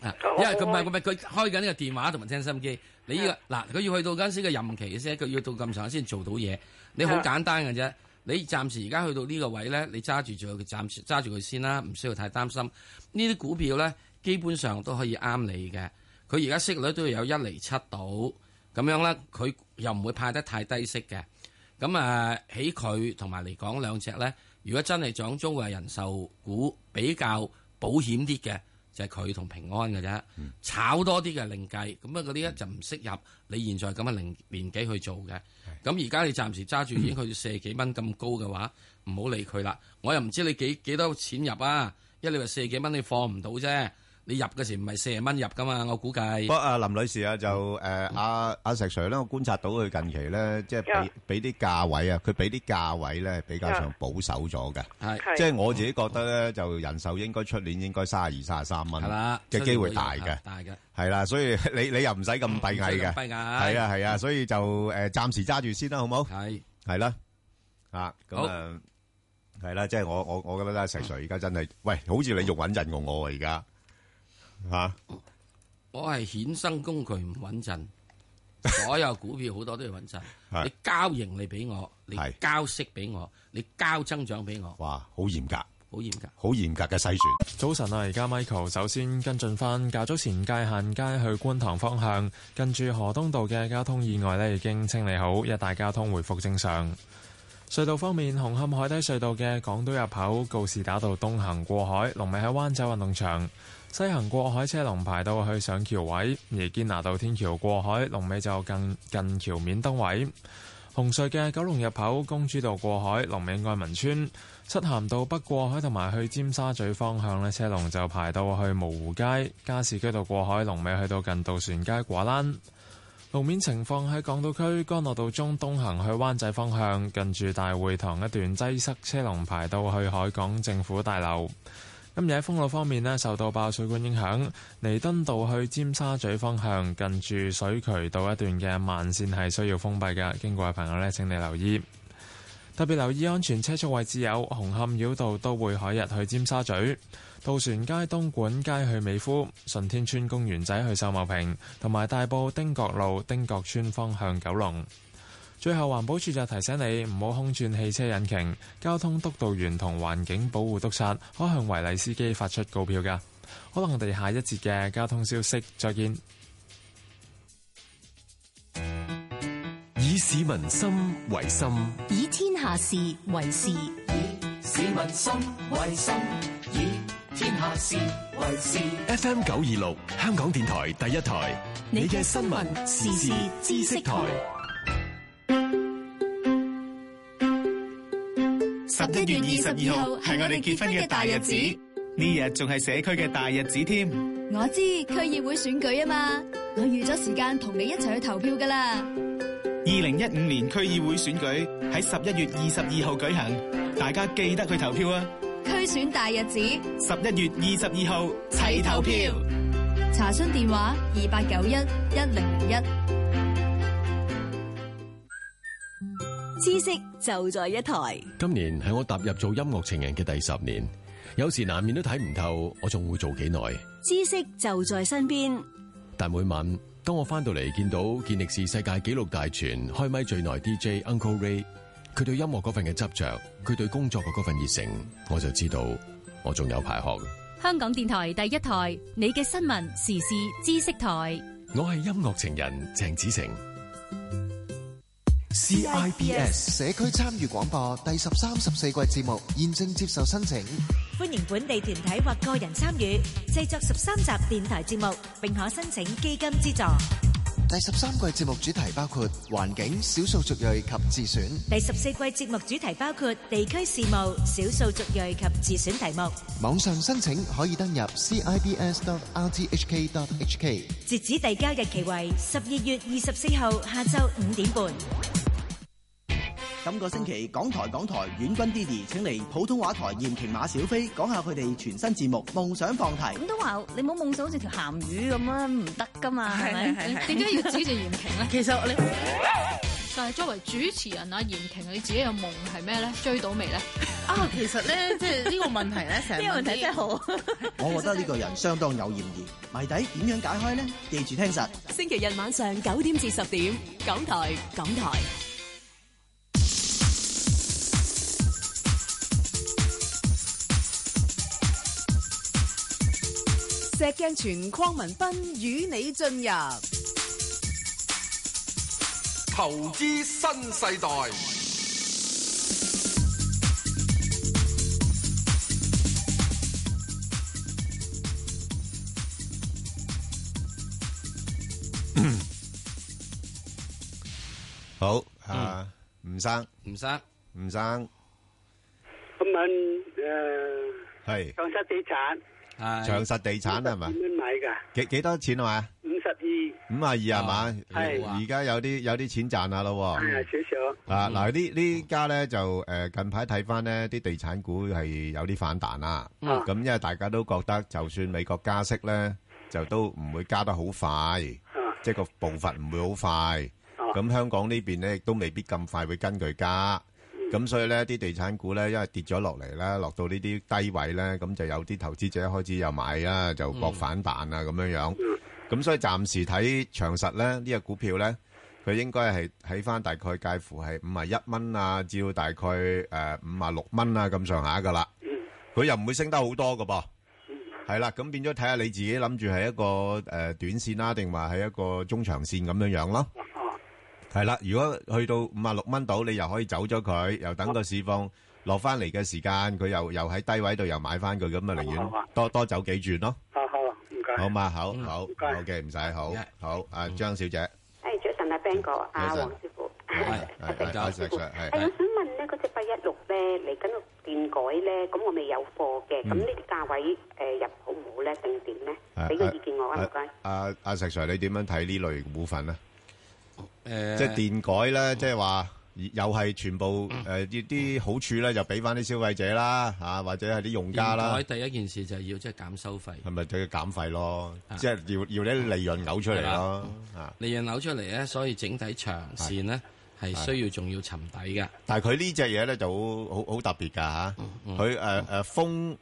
啊、因為佢唔係佢唔係佢開緊呢個電話同埋聽心機。你依個嗱，佢、啊、要去到陣時嘅任期先，佢要到咁長先做到嘢。你好簡單嘅啫。你暫時而家去到呢個位咧，你揸住住佢暫揸住佢先啦，唔需要太擔心。呢啲股票咧，基本上都可以啱你嘅。佢而家息率都有一厘七到咁樣啦，佢又唔會派得太低息嘅。咁啊，喺佢同埋嚟講兩隻咧，如果真係掌中嘅人壽股比較保險啲嘅。就係佢同平安嘅啫，嗯，炒多啲嘅另計。咁啊，嗰啲呢就唔適合你現在咁嘅年年紀去做嘅。咁而家你暫時揸住已經去到四十幾蚊咁高嘅話，嗯，唔好理佢啦。我又唔知你幾幾多錢入啊？因為你話四十幾蚊，你放唔到啫。你入嗰時唔係四十蚊入噶嘛？我估計。不過啊，林女士啊，就誒，阿阿石 Sir 咧，我觀察到佢近期咧，即係俾俾啲價位啊，佢俾啲價位咧比較上保守咗嘅，係即係我自己覺得咧就人壽應該出年應該三十二三十三蚊係啦嘅機會大嘅，大嘅係啦，所以你你又唔使咁閉翳嘅，閉翳係啊係啊，所以就誒，暫時揸住先啦，好冇係係啦啊咁啊係啦，即係我我我覺得阿石 Sir 而家真係喂，好似你仲穩陣過我而家。吓、啊！我係衍生工具唔穩陣，所有股票好多都要穩陣。 *laughs* 你交盈利俾我，你交息俾我，你交增長俾我。哇！好嚴格，好嚴格，好嚴格嘅篩選。早晨啊！而家 Michael 首先跟進翻，較早前界限街去觀塘方向，近住河東道嘅交通意外呢已經清理好，一帶交通回復正常。隧道方面，紅磡海底隧道嘅港島入口告士打道東行過海，龍尾喺灣仔運動場。西行過海車龍排到去上橋位，而堅拿道天橋過海，龍尾就更近，近橋面燈位。紅隧嘅九龍入口，公主道過海，龍尾愛民村。漆鹹道北過海同埋去尖沙咀方向呢，車龍就排到去蕪湖街，加士居道過海，龍尾去到近渡船街果欄。路面情況，喺港島區，干諾道中東行去灣仔方向，近住大會堂一段擠塞，車龍排到去海港政府大樓。今日喺封路方面受到爆水管影響，彌敦道去尖沙咀方向近住水渠道一段嘅慢線係需要封閉嘅，經過嘅朋友呢，請你留意，特別留意安全車速位置有紅磡繞道都會海日去尖沙咀、渡船街、東莞街去美孚、順天村公園仔去秀茂坪，同埋大埔丁角路丁角村方向九龍。最後，環保署就提醒你唔好空轉汽車引擎。交通督導員同環境保護督察可向違例司機發出告票噶。可能我哋下一節嘅交通消息再見。以市民心為心，以天下事為事。以市民心為心，以天下事為事。F M 九二六，香港電台第一台，你嘅新聞時事知識台。十一月二十二號係我哋結婚嘅大日子，呢日仲係社區嘅大日子添。我知區議會選舉啊嘛，我預咗時間同你一齊去投票噶啦。二零一五年區議會選舉喺十一月二十二號舉行，大家記得去投票啊！區選大日子，十一月二十二號齊投票。查詢電話：二八九一一零零一。知識就在一台。今年係我踏入做音樂情人嘅第十年，有時難免都睇唔透，我仲會做幾耐？知識就在身邊。但每晚當我翻到嚟見到《健力士世界紀錄大全》開咪最耐 DJ Uncle Ray，佢對音樂嗰份嘅執着，佢對工作嘅嗰份熱誠，我就知道我仲有排學。香港電台第一台，你嘅新聞時事知識台，我係音樂情人鄭子誠。CIBS 社區參與廣播第十三、十四季節目現正接受申請，歡迎本地團體或個人參與製作十三集電台節目，並可申請基金資助。第十三季節目主題包括環境、少數族裔及自選。第十四季節目主題包括地區事務、少數族裔及自選題目。網上申請可以登入 CIBS.RTHK.HK。截止遞交日期為十二月二十四號下晝五點半。今個星期港台港台遠軍弟弟請嚟普通話台嚴瓊馬小飛講下佢哋全新節目夢想放題。咁都話，你冇夢想好似條鹹魚咁樣，唔得噶嘛，係咪？點解要指住嚴瓊咧？其實你但係作為主持人啊，嚴瓊你自己嘅夢係咩咧？追到未咧？啊，其實咧，即係呢個問題咧，成呢個問題真好。我覺得呢個人相當有嫌疑，謎底點樣解開咧？記住聽實。星期日晚上九點至十點，港台港台。石鏡泉、鄺民彬與你進入投資新世代。 *coughs* 好啊，吳、嗯、生，吳生，吳生，今晚，誒、呃，係長實地產。長實地產係嘛？點樣買噶？幾幾多錢啊嘛？五十二。五啊二係嘛？係。而家有啲有啲錢賺下咯。係啊，少少。啊，嗱，呢呢家咧就誒，近排睇翻咧，啲地產股係有啲反彈啦。嗯。咁因為大家都覺得，就算美國加息咧，就都唔會加得好快。嗯。即係個步伐唔會好快。哦。咁香港呢邊咧，亦都未必咁快會跟佢加。咁所以咧，啲地產股咧，因為跌咗落嚟啦，落到呢啲低位咧，咁就有啲投資者開始又買啦，就搏反彈啊，咁樣樣。咁所以暫時睇長實咧，呢個股票咧，佢應該係起返大概介乎係五啊一蚊啊，至到大概誒五啊六蚊啊咁上下噶啦。佢又唔會升得好多噶噃。係啦，咁變咗睇下你自己諗住係一個誒短線啦，定話係一個中長線咁樣樣咯。係啦，如果去到五啊六蚊度，你又可以走咗佢，又等個市況落翻嚟嘅時間，佢又又喺低位度又買翻佢，咁啊寧願多多走幾轉咯。好啊，唔該。好嘛，好好，好嘅，唔使，好好。啊，張小姐。誒，早晨啊，Ben 哥，啊，黃師傅。係，阿石 Sir。係。誒，我想問咧，嗰隻八一六咧嚟緊電改咧，咁我未有貨嘅，咁呢啲價位誒入好唔好咧，定點咧？俾個意見我啊，唔該。阿阿石 Sir，你點樣睇呢類股份咧？誒、呃，即係電改咧，即係話又係全部誒啲啲好處咧，就俾翻啲消費者啦，吓、啊、或者係啲用家啦。電改第一件事就係要即係減收費，係咪就要減費咯？嗯、即係要、嗯嗯、要啲、嗯嗯嗯、利潤嘔出嚟咯？啊、嗯嗯，利潤嘔出嚟咧，所以整體長線咧係需要仲要沉底嘅。但係佢呢隻嘢咧就好好好特別噶吓，佢誒誒風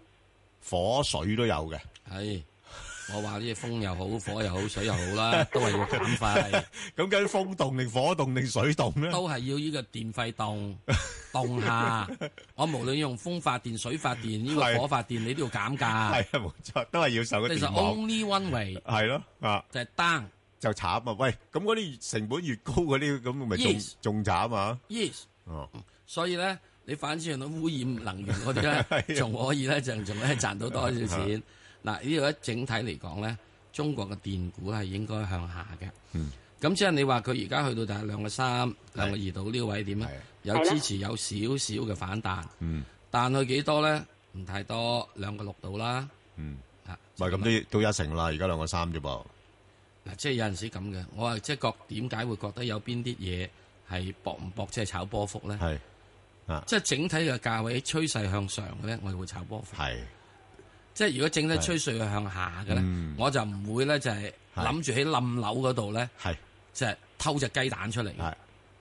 火水都有嘅，係。我話啲風又好，火又好，水又好啦，都係要減費。咁 *laughs* 跟風動定火動定水動咧？都係要呢個電費動動下。 *laughs* 我無論用風發電、水發電、呢個火發電， *laughs* 你都要減價。係冇錯，都係要受個電。其實 only one way 係咯啊，就係 down 就慘啊！喂，咁嗰啲成本越高嗰啲咁，咪仲仲慘啊！Yes，所以咧，你反轉用到污染能源嗰啲咧，仲 *laughs* 可以咧，就仲咧賺到多少錢？ *laughs* 嗱呢度一整體嚟講咧，中國嘅電股係應該向下嘅。嗯，咁即係你話佢而家去到就係兩個三、兩個二度呢個位點咧？有支持有少少嘅反彈。嗯，但去幾多咧？唔太多，兩個六度啦。嗯，啊，唔係咁都都一成啦，而家兩個三啫噃。嗱，即係有陣時咁嘅，我係即係覺點解會覺得有邊啲嘢係搏唔搏即係炒波幅咧？係即係整體嘅價位趨勢向上咧，我哋會炒波幅。即係如果整得吹水向下嘅咧，我就唔會咧就係諗住喺冧樓嗰度咧，就係偷隻雞蛋出嚟。誒、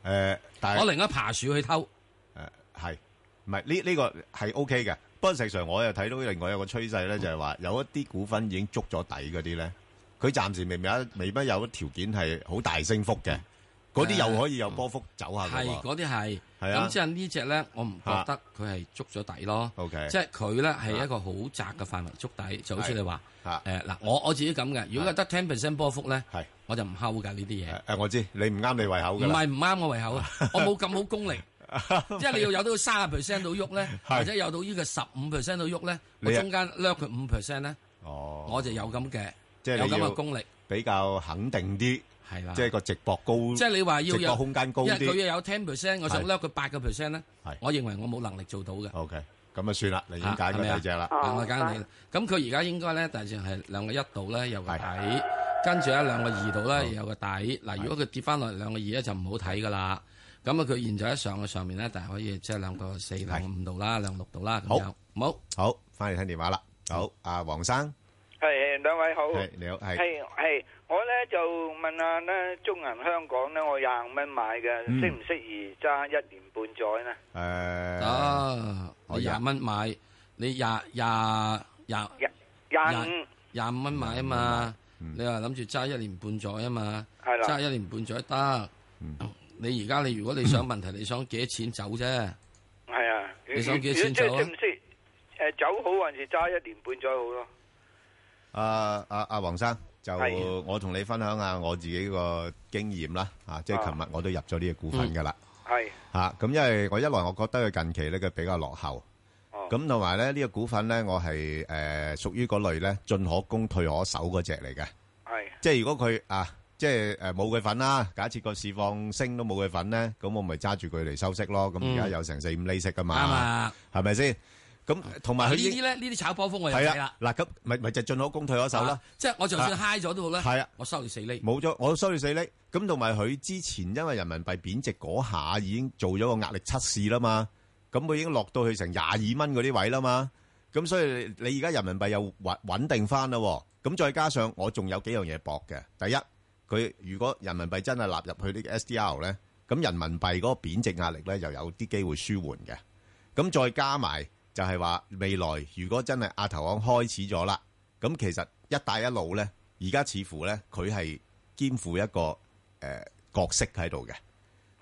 呃，我另一爬樹去偷。誒、呃、係，唔係呢，呢個係 OK 嘅。不過事實上我又睇到另外一個趨勢咧，就係話有一啲股份已經捉咗底嗰啲咧，佢暫時明明未必有條件係好大升幅嘅。嗰、嗯、啲又可以有波幅走下啲係。嗯係嗰啲係咁即係呢隻咧，我唔覺得佢係捉咗底咯。Okay, 即係佢咧係一個好窄嘅範圍捉底，就好似你話嗱、呃，我我自己咁嘅。如果得 ten percent 波幅咧，我就唔 hold 㗎呢啲嘢。誒我知，你唔啱你胃口嘅。唔係唔啱我胃口啊！ *laughs* 我冇咁好功力， *laughs* 即係你要有到三十 percent 到喐咧，或者有到呢個十五 percent 到喐咧，我中間掠佢五 percent 咧，我就有咁嘅，即係有咁嘅功力比較肯定啲。係啦，即係個值博高，即值博空間高啲。因為佢要有 ten percent，我想擸佢八個 percent 咧。係，我認為我冇能力做到嘅。OK，咁啊算啦，你咁簡單大隻啦，我教你。咁佢而家應該咧，大隻係兩個度呢一度咧有個底，跟住咧兩個二度咧、啊、有一個底。嗱，如果佢跌翻落嚟兩個二咧就唔好睇噶啦。咁啊，佢現在喺上嘅上面咧，但係可以即係兩個四、兩個五度啦，兩六度啦咁樣。好，好，翻嚟聽電話啦。好，阿黃、嗯啊、生。兩位好，你好，係係我咧就問下咧，中銀香港咧，我廿五蚊買嘅，適唔適宜揸一年半載咧？誒，哦，你廿五蚊買，你廿廿廿廿廿廿五蚊買啊嘛？你話諗住揸一年半載啊嘛？係啦，揸一年半載得，你而家你如果你想問題，你想幾多錢走啫？係啊，你想幾多錢走？即係適唔適？誒，走好還是揸一年半載好咯？啊！阿阿黃生，就我同你分享下我自己個經驗啦，啊，即係琴日我都入咗呢個股份噶啦，係吓咁，因為我一來我覺得佢近期咧佢比較落後，咁同埋咧呢個股份咧我係誒屬於嗰類咧進可攻退可守嗰隻嚟嘅，係即係如果佢啊即係誒冇佢份啦，假設個市放升都冇佢份咧，咁我咪揸住佢嚟收息咯，咁而家有成四五厘息噶嘛，啱啊，係咪先？咁同埋呢啲咧，呢啲炒波峰我又係啦。嗱咁咪咪就進可攻退可守啦。即係我就算嗨 i g h 咗都好咧、啊，我收住四厘冇咗，我收住四厘咁。同埋佢之前因為人民幣貶值嗰下已經做咗個壓力測試啦嘛，咁佢已經落到去成廿二蚊嗰啲位啦嘛。咁所以你而家人民幣又穩穩定翻啦。咁再加上我仲有幾樣嘢博嘅。第一，佢如果人民幣真係納入去呢個 S d L 咧，咁人民幣嗰個貶值壓力咧又有啲機會舒緩嘅。咁再加埋。就係、是、話未來如果真係亞投行開始咗啦，咁其實一帶一路咧，而家似乎咧佢係肩負一個誒、呃、角色喺度嘅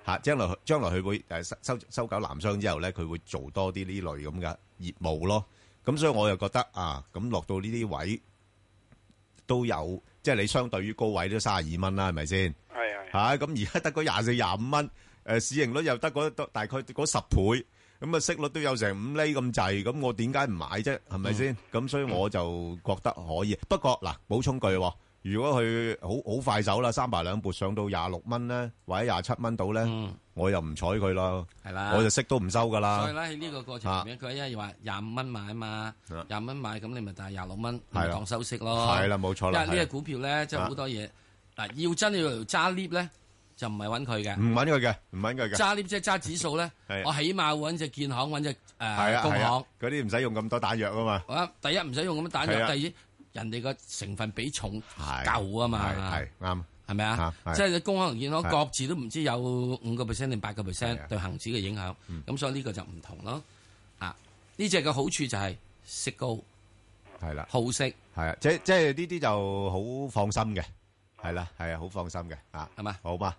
吓，將、啊、來將來佢會誒、啊、收收收購南商之後咧，佢會做多啲呢類咁嘅業務咯。咁所以我又覺得啊，咁落到呢啲位都有，即係你相對於高位都三十二蚊啦，係咪先？係啊，吓咁而家得嗰廿四廿五蚊，誒、呃、市盈率又得嗰大概嗰十倍。咁啊息率都有成五厘咁滯，咁我點解唔買啫？係咪先？咁所以我就覺得可以。不過嗱，補充句，如果佢好好快走啦，三排兩撥上到廿六蚊咧，或者廿七蚊到咧，我又唔睬佢咯。係啦，我就息都唔收噶啦。所以咧，喺呢個過程入面，佢因為話廿五蚊買啊嘛，廿蚊買，咁你咪就係廿六蚊嚟當收息咯。係啦，冇錯啦。因為呢個股票咧，就好多嘢嗱，要真要揸 lift 咧。就唔係揾佢嘅，唔揾佢嘅，唔揾佢嘅。揸呢隻揸指數咧， *laughs* 我起碼會揾隻建行，揾隻誒工行。嗰啲唔使用咁多彈藥啊嘛。第一唔使用咁多彈藥，第二人哋個成分比重夠啊嘛。係啱，係咪啊？即係工行同建行各自都唔知有五個 percent 定八個 percent 對恒指嘅影響。咁所以呢個就唔同咯，嗯。啊，呢隻嘅好處就係息高，係啦，好息，係啊，即即係呢啲就好放心嘅，係啦，係啊，好放心嘅啊，係嘛，好吧。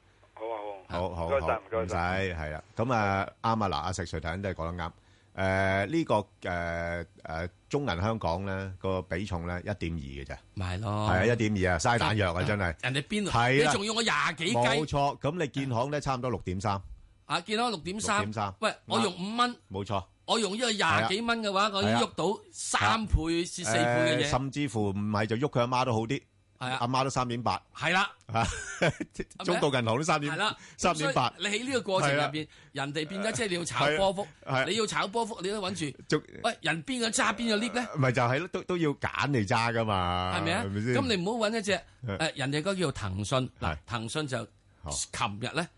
好好唔該晒，唔該晒。係啦，咁啊，啱啊，嗱，阿石垂太人都係講得啱。誒呢個誒誒中銀香港咧個比重咧一點二嘅啫，係咯，係啊，一點二啊，嘥彈藥啊，真係人哋邊？係啦，你仲要我廿幾雞？冇錯，咁你建行咧差唔多六點三啊，建行六點三六點三，喂，我用五蚊冇錯，我用呢個廿幾蚊嘅話，我已經喐到三倍至四倍嘅嘢，甚至乎唔係就喐佢阿媽都好啲。係啊，阿媽，媽都三點八，係啦、啊，嚇， *laughs* 中國銀行都三點、啊，啦、啊，三點八。你喺呢個過程入邊、啊，人哋變咗即係你要炒波幅、啊你炒波幅啊，你要炒波幅，你都揾住。喂，人邊個揸邊個 lift 咧？唔係就係、是、都都要揀嚟揸噶嘛。係咪啊？咁、啊啊、你唔好揾一隻、啊、人哋嗰叫騰訊嗱、啊，騰訊就琴日咧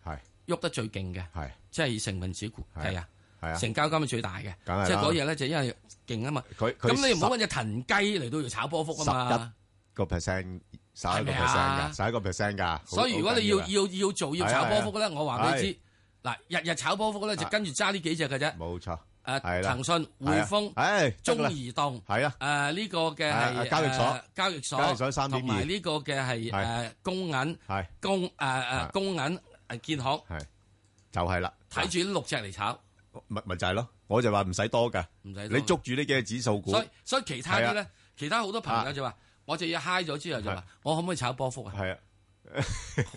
喐得最勁嘅、啊，即係成分股係啊，成交金係最大嘅，即係嗰日咧就是、呢因為勁啊嘛。咁你唔好揾隻騰雞嚟到要炒波幅啊嘛。十個 percent。十一個 percent 噶，十一個 percent 噶。所以如果你要要要做要炒波幅咧，我話畀你知嗱，日日炒波幅咧，就跟住揸呢幾隻嘅啫。冇錯，誒，騰訊、匯豐、誒、中移動，係啦，誒呢個嘅係交易所，交易所，同埋呢個嘅係誒工銀，係工誒誒工銀誒建行，係就係啦。睇住呢六隻嚟炒，咪咪就係咯。我就話唔使多噶，唔使多。你捉住呢幾個指數股，所以所以其他啲咧，其他好多朋友就話。我隻嘢 high 咗之後就話，我可唔可以炒波幅啊？係啊，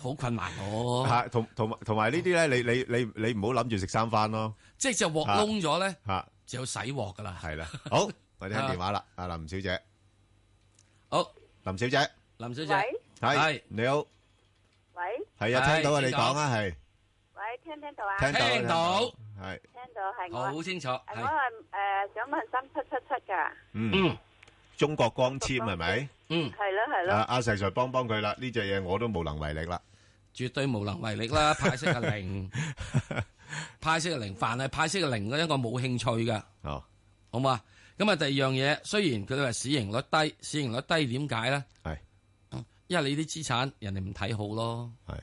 好困難哦。係同同埋同埋呢啲咧，你你你你唔好諗住食三番咯。即係隻鑊窿咗咧，吓就要洗鑊噶啦。係啦，好，我哋聽電話啦，阿林小姐。好，林小姐，林小姐，係你好。喂，係啊，聽到啊，你講啊，係。喂，聽唔聽到啊？聽到，聽到，係聽到係。我好清楚。我係誒，想問三七七七噶。嗯，中國光纖係咪？嗯，係啦，係啦，阿阿石 Sir 幫幫佢啦，呢隻嘢我都無能為力啦，絕對無能為力啦，派息係、啊、零， *laughs* 派息係、啊、零，凡係派息係、啊、零，我一個冇興趣噶、哦，好，好好啊？咁啊，第二樣嘢，雖然佢話市盈率低，市盈率低點解咧？係，因為你啲資產人哋唔睇好咯，係，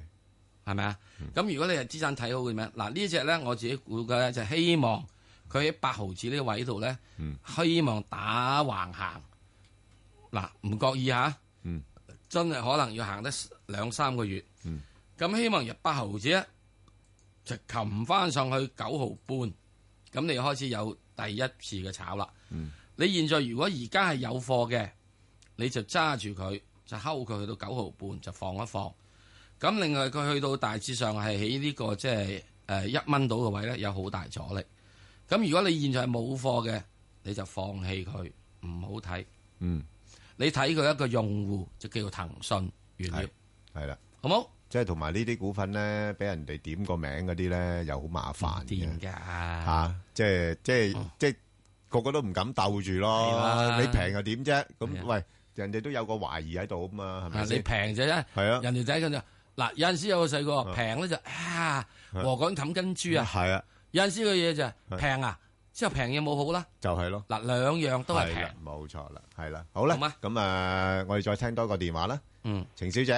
係咪啊？咁、嗯、如果你係資產睇好嘅咩？樣？嗱呢隻咧，我自己估計咧就希望佢喺、嗯、八毫子呢個位度咧，希望打橫行。嗱、啊，唔覺意下、啊嗯、真係可能要行得兩三個月。咁、嗯、希望入八毫子，就擒翻上去九毫半，咁你開始有第一次嘅炒啦、嗯。你現在如果而家係有貨嘅，你就揸住佢，就睺佢去到九毫半就放一放。咁另外佢去到大致上係喺呢個即係誒一蚊到嘅位咧，有好大阻力。咁如果你現在係冇貨嘅，你就放棄佢，唔好睇。嗯。你睇佢一個用戶就叫做騰訊原料，係啦，好冇？即係同埋呢啲股份咧，俾人哋點個名嗰啲咧，又好麻煩嘅吓，即係即係即係個個都唔敢鬥住咯。你平又點啫？咁喂，人哋都有個懷疑喺度啊嘛，係咪先？你平就咧，人哋睇緊就嗱，有陣時有個細個平咧就啊，和港冚跟豬啊，係啊，有陣時個嘢就平啊。即係平嘢，冇好啦，就係咯。嗱，兩樣都係平，冇錯啦，係啦。好啦，咁啊，我哋再聽多個電話啦。嗯，程小姐，誒，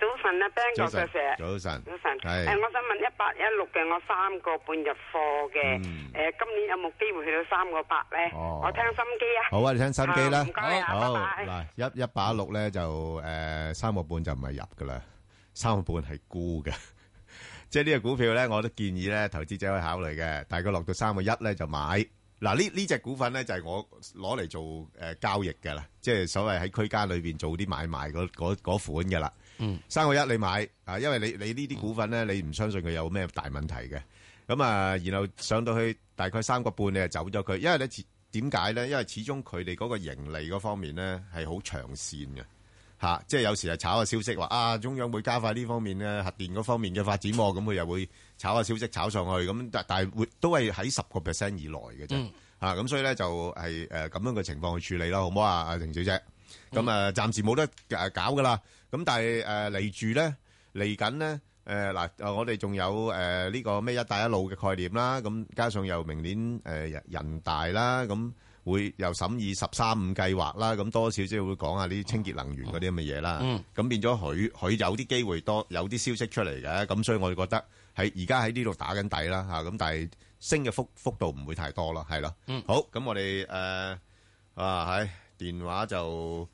早晨啊，Ben 哥嘅 Sir，早晨，早晨，係。誒，我想問一八一六嘅，我三個半入貨嘅，誒，今年有冇機會去到三個八咧？我聽心機啊。好啊，你聽心機啦。唔該啊，拜拜。一一八一六咧就誒三個半就唔係入噶啦，三個半係沽嘅。即係呢隻股票咧，我都建議咧投資者可以考慮嘅。大概落到三個一咧就買。嗱呢呢隻股份咧就係我攞嚟做誒、呃、交易㗎啦。即係所謂喺區間裏邊做啲買賣嗰款㗎啦。嗯。三個一你買啊，因為你你呢啲股份咧你唔相信佢有咩大問題嘅。咁啊，然後上到去大概三個半你就走咗佢，因為你點解咧？因為始終佢哋嗰個盈利嗰方面咧係好長線嘅。啊，即係有時係炒下消息，話啊，中央會加快呢方面咧核電嗰方面嘅發展喎，咁佢又會炒下消息炒上去，咁但係都係喺十個 percent 以內嘅啫。啊，咁所以咧就係誒咁樣嘅情況去處理啦，好唔好啊，阿凌小姐？咁啊，暫時冇得誒搞㗎啦。咁但係誒嚟住咧嚟緊咧誒嗱，我哋仲有誒呢個咩一帶一路嘅概念啦。咁加上又明年誒人大啦咁。會由審議十三五計劃啦，咁多少少會講下啲清潔能源嗰啲咁嘅嘢啦。咁變咗佢佢有啲機會多有啲消息出嚟嘅，咁所以我就覺得喺而家喺呢度打緊底啦嚇。咁但係升嘅幅幅度唔會太多咯，係咯。好咁，我哋誒啊喺電話就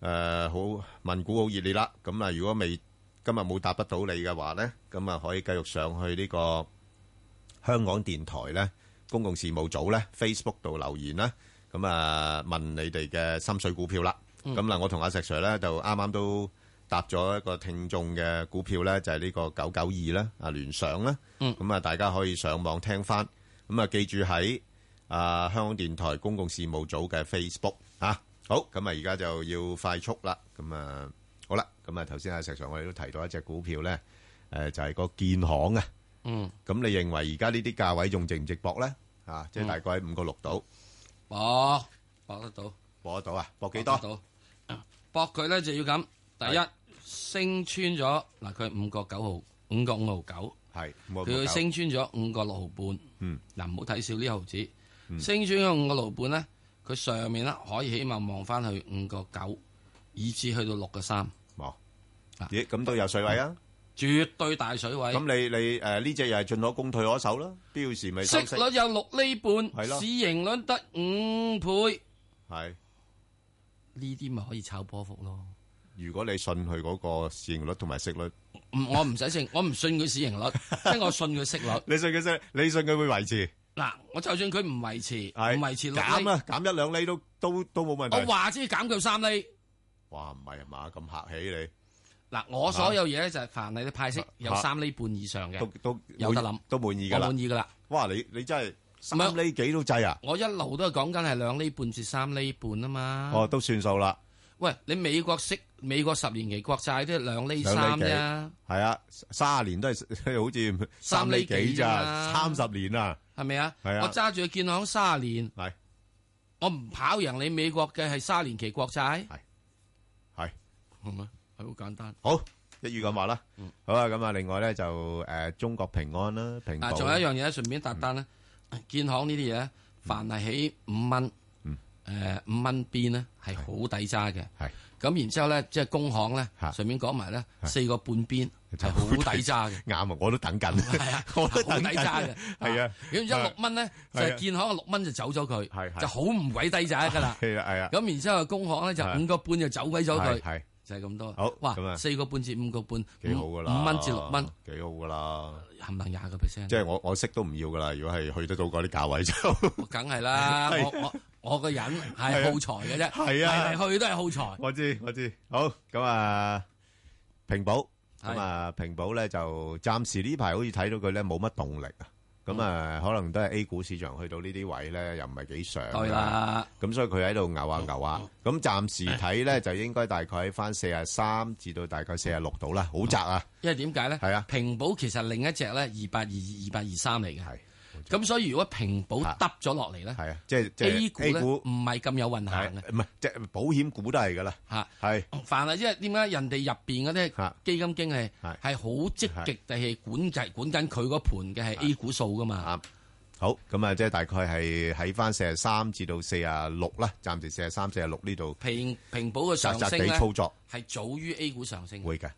誒好問股好熱烈啦。咁啊，如果未今日冇答得到你嘅話咧，咁啊可以繼續上去呢個香港電台咧公共事務組咧 Facebook 度留言啦。咁啊，問你哋嘅心水股票啦。咁嗱，我同阿石 Sir 咧就啱啱都答咗一個聽眾嘅股票咧，就係呢個九九二咧，啊聯想咧。咁啊，大家可以上網聽翻。咁啊，記住喺啊香港電台公共事務組嘅 Facebook 嚇。好，咁啊，而家就要快速啦。咁啊，好啦，咁啊，頭先阿石 Sir 我哋都提到一隻股票咧，誒就係個建行啊。嗯。咁你認為而家呢啲價位仲值唔值博咧？啊，即係大概喺五個六度。博，博得到，博得到啊！博幾多？博佢咧就要咁，第一升穿咗嗱，佢係五角九毫，五角五毫九，係，佢要升穿咗五角六毫半，嗯，嗱唔好睇少呢毫子，嗯、升穿咗五角六毫半咧，佢上面咧可以起碼望翻去五角九，以至去到六個三，冇、啊，咦，咁都有水位啊？嗯絕對大水位。咁你你誒呢隻又係進可攻退可守啦，必要時咪收息。息率有六厘半，市盈率得五倍。係，呢啲咪可以炒波幅咯？如果你信佢嗰個市盈率同埋息率，唔，我唔使信，我唔信佢市盈率，即係我信佢息率。你信佢息，你信佢會維持。嗱，我就算佢唔維持，唔維持減啊，減一兩厘都都都冇問題。我話知減佢三厘，哇唔係嘛，咁客氣你。嗱、啊，我所有嘢咧就係凡係啲派息有三厘半以上嘅、啊啊，都，都有得諗，都滿意噶啦，我滿意噶啦。哇，你你真係三厘幾都滯啊！我一路都係講緊係兩厘半至三厘半啊嘛。哦，都算數啦。喂，你美國息美國十年期國債都係兩厘三啫。係啊，三十年都係好似三厘幾咋，三十年啊。係咪啊？我揸住個建行三十年，啊、我唔跑贏你美國嘅係三十年期國債。係係，好啊。 *laughs* 係好簡單，好一於咁話啦。好啊，咁啊，另外咧就誒、呃，中國平安啦，平。仲、啊、有一樣嘢咧，順便搭單咧、嗯，建行呢啲嘢咧，凡係起五蚊，誒、嗯，五蚊邊咧係好抵揸嘅。係咁，然之後咧，即係工行咧，順便講埋咧，四個半邊係好抵揸嘅。啱啊，我都等緊。係 *laughs* 啊，我都等緊。好抵揸嘅，係啊。咁然之後六蚊咧就係、建行嘅六蚊就走咗佢，係係就好唔鬼抵揸噶啦。係啊係啊。咁、啊啊啊、然之後工行咧就五個半就走鬼咗佢。係、啊。就係咁多好哇，四個半至五個半，幾好噶啦，五蚊至六蚊，幾好噶啦，冚唪唥廿個 percent，即係我我息都唔要噶啦，如果係去得到嗰啲價位就，梗係啦，我我我個人係好財嘅啫，係啊，嚟去都係好財，我知我知，好咁啊，平保咁啊，平保咧就暫時呢排好似睇到佢咧冇乜動力啊。咁、嗯、啊、嗯，可能都係 A 股市場去到呢啲位咧，又唔係幾上。對啦。咁所以佢喺度牛啊牛啊。咁、嗯、暫時睇咧、嗯，就應該大概喺返四十三至到大概四十六度啦，好窄啊。因為點解咧？係啊，平保其實另一隻咧，二百二二百二三嚟㗎。咁、嗯、所以如果平保耷咗落嚟咧，A 股唔係咁有運行嘅，唔係即係保險股都係噶啦。吓，係，凡係即係點解人哋入邊嗰啲基金經理係好積極地係管就管緊佢嗰盤嘅，係 A 股數噶嘛。好，咁啊，即係大概係喺翻四十三至到四啊六啦，暫時四十三、四十六呢度。平平保嘅上升操作係早於 A 股上升。會噶。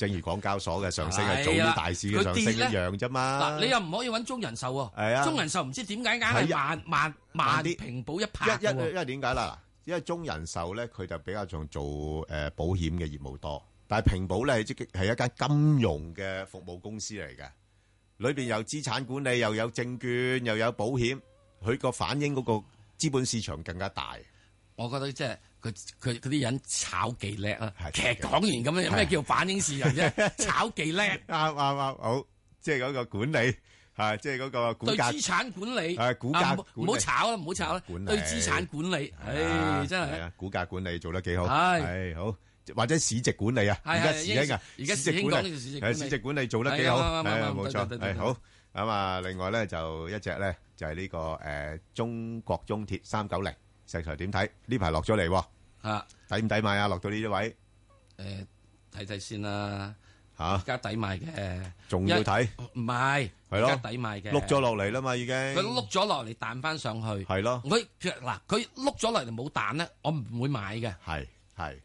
正如港交所嘅上升係做啲大市嘅上升一樣啫嘛。嗱，你又唔可以揾中人壽喎。係啊，中人壽唔知點解硬係萬萬萬平保一拍。一一，因為點解啦？因為中人壽咧，佢就比較仲做誒保險嘅業務多。但係平保咧，係即係係一間金融嘅服務公司嚟嘅，裏邊有資產管理，又有證券，又有保險。佢個反映嗰個資本市場更加大。我覺得即係。佢佢嗰啲人炒幾叻啊！其實講完咁樣，有咩叫反映市場啫？炒幾叻？啱啱啱好，即係嗰個管理係，即係嗰個對資產管理啊，股價唔好炒啦，唔好炒啦，對資產管理，唉，真係啊，股價管理做得幾好，係好，或者市值管理啊，而家時興噶，而家時興講緊市值管理，市值管理做得幾好，冇錯，好咁啊！另外咧就一隻咧就係呢個誒中國中鐵三九零。石生點睇？呢排落咗嚟喎，嚇，抵唔抵買啊？落到呢一位，誒，睇睇先啦，嚇，而家抵買嘅，仲要睇，唔係，係咯，而家抵買嘅，碌咗落嚟啦嘛，已經，佢碌咗落嚟彈返上去，係咯，佢，嗱，佢碌咗落嚟冇彈咧，我唔會買嘅，係係。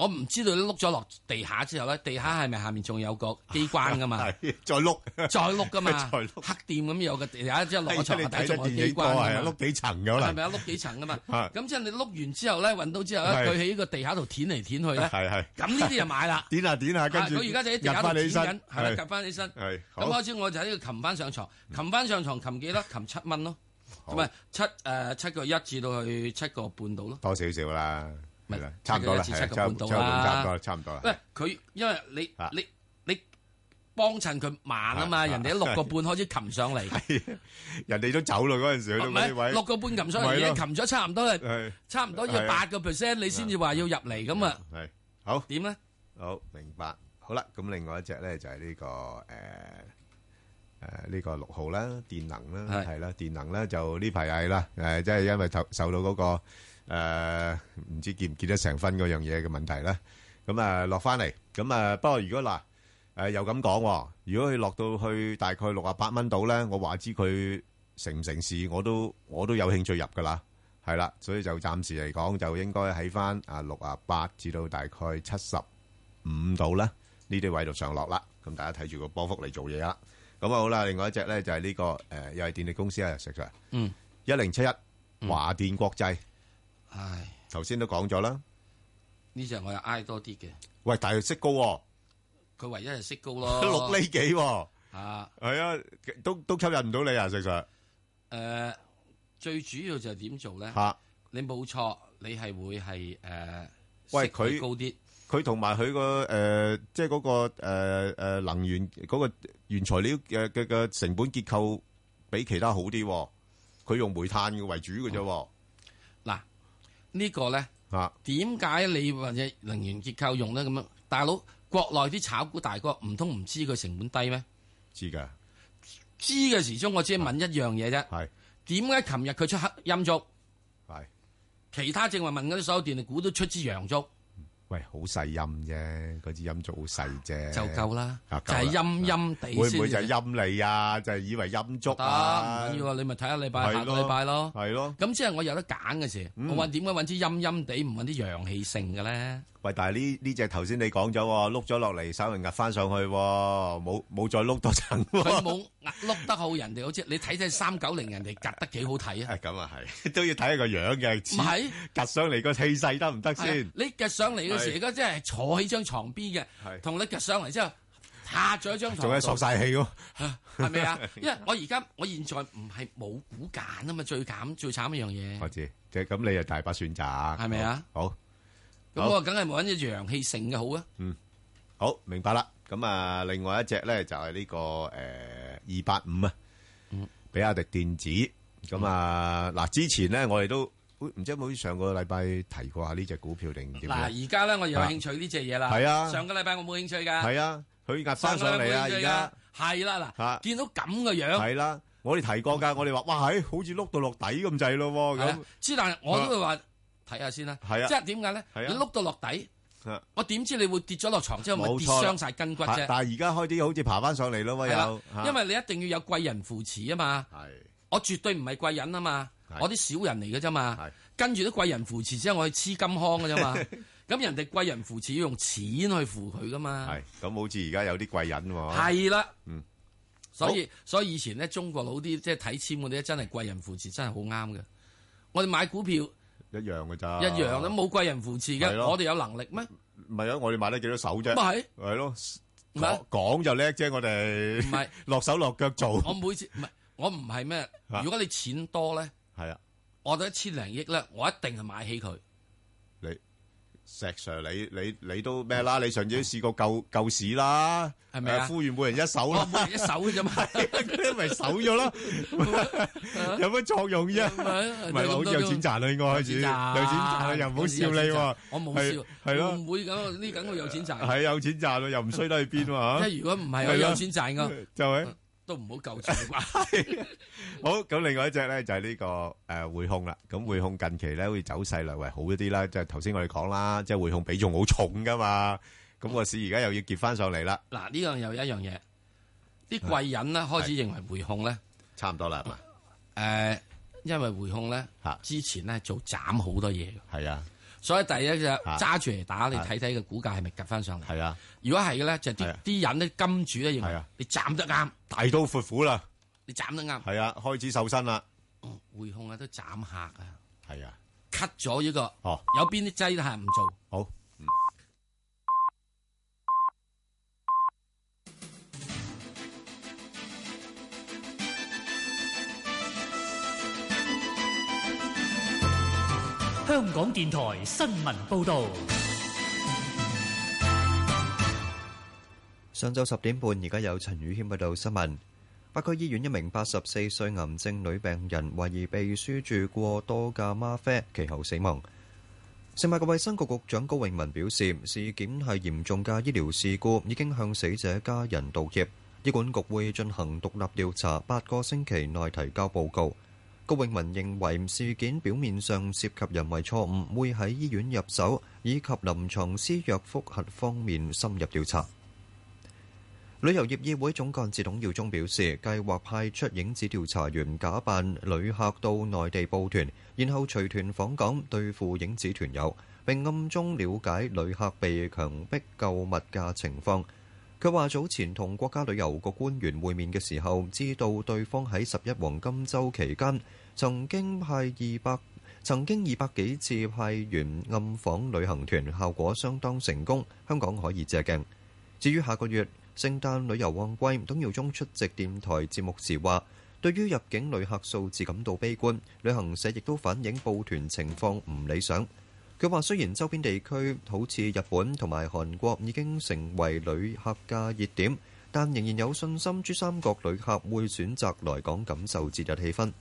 我唔知道你碌咗落地下之後咧，地下係咪下面仲有個機關噶嘛？係，再碌，再碌噶嘛？黑店咁有個地下之後落牀底仲有機關，係咪？碌幾層噶嘛？係咪啊？碌幾層噶嘛？咁即係你碌完之後咧，揾到之後咧，佢喺呢個地下度舔嚟舔去咧。係係。咁呢啲就買啦。舔下舔下，跟住。佢而家就喺地下度舔緊，係咪夾翻起身？係。咁開始我就喺度擒翻上牀，擒翻上牀，擒幾多？擒七蚊咯。唔係七誒七個一至到去七個半度咯。多少少啦。咪差唔多啦，係啊，差唔多，差唔多，差唔多。喂，佢因為你你你幫襯佢慢啊嘛，人哋都六個半開始擒上嚟，係，人哋都走咯嗰陣時都，六個半擒上嚟已經擒咗差唔多係，差唔多要八個 percent 你先至話要入嚟咁啊。係，好點咧？好，明白。好啦，咁另外一隻咧就係呢個誒誒呢個六號啦，電能啦，係啦，電能咧就呢排又係啦，誒，即係因為受受到嗰個。誒唔知結唔結得成分嗰樣嘢嘅問題咧，咁啊落翻嚟咁啊。不過如果嗱誒又咁講，如果佢落到去大概六啊八蚊度咧，我話知佢成唔成事，我都我都有興趣入㗎啦，係啦，所以就暫時嚟講就應該喺翻啊六啊八至到大概七十五度啦呢啲位度上落啦。咁大家睇住個波幅嚟做嘢啦。咁啊好啦，另外一隻咧就係呢個誒又係電力公司啊，石 Sir 嗯，一零七一華電國際。唉，頭先都講咗啦，呢隻我又挨多啲嘅。喂，但係識高，佢唯一係識高咯，六厘幾吓，係啊，都都吸引唔到你啊，事實上，誒，最主要就係點做咧？吓，你冇錯，你係會係誒，喂，佢高啲，佢同埋佢個誒，即係嗰個誒誒能源嗰個原材料嘅嘅成本結構比其他好啲，佢用煤炭嘅為主㗎啫。這個、呢個咧，點解你或者能源結構用咧咁樣？大佬國內啲炒股大哥唔通唔知佢成本低咩？知嘅，知嘅，時鐘我只係問一樣嘢啫。係點解琴日佢出黑陰燭？係其他正話問嗰啲所有電力股都出支陽燭？喂，好細音啫，嗰支音足好細啫，就夠啦，啊，就係陰陰地先會唔會就係陰嚟啊？就係、是、以為陰足啊？唔緊要啊，你咪睇下禮拜下個禮拜咯，係咯，咁即係我有得揀嘅時候，我揾點解搵支陰陰地，唔搵啲陽氣性嘅咧？喂，但係呢呢隻，頭先你講咗，碌咗落嚟，稍微夾翻上去，冇、哦、冇再碌 *laughs* 多層。佢冇夾碌得好，人哋好似你睇隻三九零，人哋夾得幾好睇啊！咁啊係、啊啊，都要睇個樣嘅。唔係夾上嚟個氣勢得唔得先？你夾上嚟嘅時候，而家真係坐喺張床邊嘅，同你夾上嚟之後，拍咗一張床，仲喺縮晒氣咯，係咪啊？啊是是啊 *laughs* 因為我而家我現在唔係冇股揀啊嘛，最慘最慘一樣嘢。我知，即係咁，你又大把選擇，係咪啊？好。好咁我梗係揾隻陽氣性嘅好啊！嗯，好明白啦。咁啊，另外一隻咧就係呢個誒二八五啊，比亞迪電子。咁啊嗱，之前咧我哋都唔知有冇上個禮拜提過下呢隻股票定點？嗱，而家咧我有興趣呢隻嘢啦。係啊，上個禮拜我冇興趣噶。係啊，佢壓翻上嚟啊！而家係啦，嗱，見到咁嘅樣。係啦，我哋提過噶，我哋話哇，係好似碌到落底咁滯咯咁。之但係我都會話。睇下先啦，啊，即係點解咧？你碌到落底，啊，我點知你會跌咗落床之後，咪跌傷晒筋骨啫，啊？但係而家開啲好似爬翻上嚟咯，又，啊啊，因為你一定要有貴人扶持嘛啊嘛。我絕對唔係貴人啊嘛，啊我啲小人嚟嘅啫嘛，啊，跟住啲貴人扶持之後，我去黐金康嘅啫嘛。咁 *laughs* 人哋貴人扶持要用錢去扶佢噶嘛？係咁，啊，好似而家有啲貴人喎。係啦，啊，嗯，所以所以以前咧，中國老啲即係睇籤嗰啲真係貴人扶持，真係好啱嘅。我哋買股票，一樣嘅咋，一樣都冇貴人扶持嘅，我哋有能力咩？唔係啊，我哋買得幾多手啫，咁啊係，係咯，講就叻啫，我哋唔係落手落腳做。我每次唔係，我唔係咩？如果你錢多咧，係啊，我得一千零億咧，我一定係買起佢。石 Sir，你你你都咩啦？你上次都試過救救市啦，係咪啊？呼籲每人一手啦，每人一手啫嘛，因為守咗啦，有乜作用啫？係好似有錢賺啦，應該開始有錢賺，又唔好笑你喎。我冇笑，係咯，唔會咁呢，梗係有錢賺。係有錢賺啦，又唔衰得去邊喎？即係如果唔係，係有錢賺噶，就係。都唔 *laughs* *laughs* 好救住好咁，那另外一隻咧就係、是、呢、這個誒匯、呃、控啦。咁匯控近期咧會走勢略為好一啲啦。即係頭先我哋講啦，即係匯控比重好重噶嘛。咁、那個市而家又要結翻上嚟啦。嗱、嗯，呢、啊、樣、這個、又有一樣嘢，啲貴人咧開始認為匯控咧、嗯，差唔多啦，係嘛？誒、呃，因為匯控咧，之前咧做斬好多嘢，係啊。所以第一隻揸住嚟打，你睇睇個股價係咪夾翻上嚟？係啊，如果係嘅咧，就啲、係、啲、啊、人咧金主咧認為你斬得啱、啊，大刀闊斧啦，你斬得啱。係啊，開始瘦身啦、哦。回控啊都斬客啊。係啊。cut 咗呢個，哦、有邊啲劑都係唔做。好。香港電台新聞報道：上晝十點半，而家有陳宇謙報道新聞。北區醫院一名八十四歲癌症女病人懷疑被輸注過多嘅嗎啡，其後死亡。食物及衛生局局長高永文表示，事件係嚴重嘅醫療事故，已經向死者家人道歉。醫管局會進行獨立調查，八個星期內提交報告。高永文認為事件表面上涉及人為錯誤，會喺醫院入手，以及臨牀施藥複核方面深入調查。旅遊業議會總幹事董耀中表示，計劃派出影子調查員假扮旅客到內地報團，然後隨團訪港，對付影子團友，並暗中了解旅客被強迫購物價情況。佢話早前同國家旅遊局官員會面嘅時候，知道對方喺十一黃金週期間。曾經派二百，曾經二百幾次派員暗訪旅行團，效果相當成功。香港可以借鏡。至於下個月聖誕旅遊旺季，董耀宗出席電台節目時話，對於入境旅客數字感到悲觀，旅行社亦都反映報團情況唔理想。佢話：雖然周邊地區好似日本同埋韓國已經成為旅客嘅熱點，但仍然有信心珠三角旅客會選擇來港感受節日氣氛。